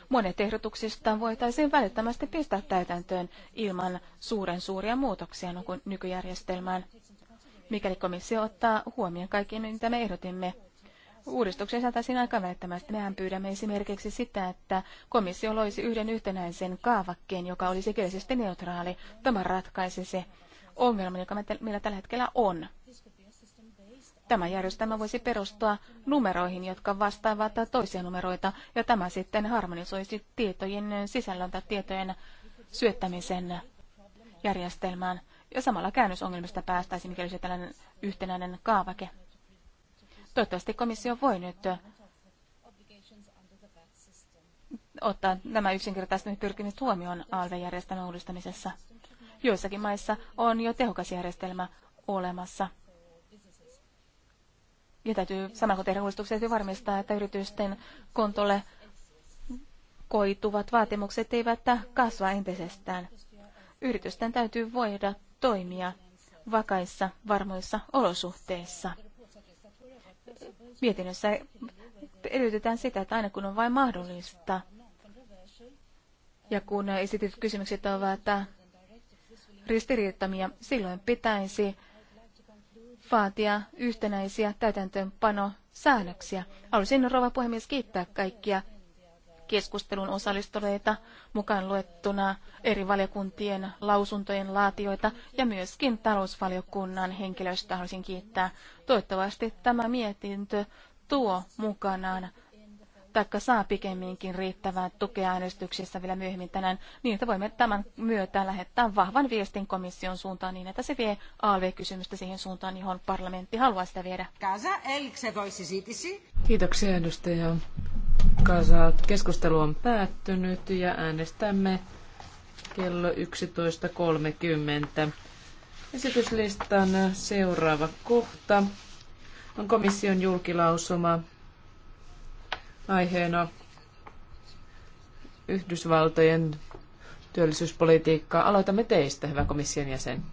Monet ehdotuksista voitaisiin välittömästi pistää täytäntöön ilman suuren suuria muutoksia nykyjärjestelmään, mikäli komissio ottaa huomioon kaikki, mitä me ehdotimme Uudistuksen saataisiin aika välttämättä. Mehän pyydämme esimerkiksi sitä, että komissio loisi yhden yhtenäisen kaavakkeen, joka olisi kielisesti neutraali. Tämä se ongelman, joka meillä tällä hetkellä on. Tämä järjestelmä voisi perustua numeroihin, jotka vastaavat toisia numeroita, ja tämä sitten harmonisoisi tietojen sisällön tai tietojen syöttämisen järjestelmään. Ja samalla käännösongelmista päästäisiin, mikäli se tällainen yhtenäinen kaavake. Toivottavasti komissio voi nyt ottaa nämä yksinkertaiset pyrkimykset huomioon ALV-järjestelmän uudistamisessa. Joissakin maissa on jo tehokas järjestelmä olemassa. Ja täytyy, samalla kun tehdään uudistuksia, täytyy varmistaa, että yritysten kontolle koituvat vaatimukset eivät kasva entisestään. Yritysten täytyy voida toimia vakaissa, varmoissa olosuhteissa mietinnössä edellytetään sitä, että aina kun on vain mahdollista, ja kun esitetyt kysymykset ovat ristiriittamia, silloin pitäisi vaatia yhtenäisiä täytäntöönpanosäännöksiä. Haluaisin rouva puhemies kiittää kaikkia keskustelun osallistuneita, mukaan luettuna eri valiokuntien lausuntojen laatioita ja myöskin talousvaliokunnan henkilöstöä haluaisin kiittää. Toivottavasti tämä mietintö tuo mukanaan taikka saa pikemminkin riittävää tukea äänestyksessä vielä myöhemmin tänään, niin että voimme tämän myötä lähettää vahvan viestin komission suuntaan niin, että se vie ALV-kysymystä siihen suuntaan, johon parlamentti haluaa sitä viedä. Kiitoksia edustaja Keskustelu on päättynyt ja äänestämme kello 11.30. Esityslistan seuraava kohta on komission julkilausuma aiheena Yhdysvaltojen työllisyyspolitiikkaa. Aloitamme teistä, hyvä komission jäsen.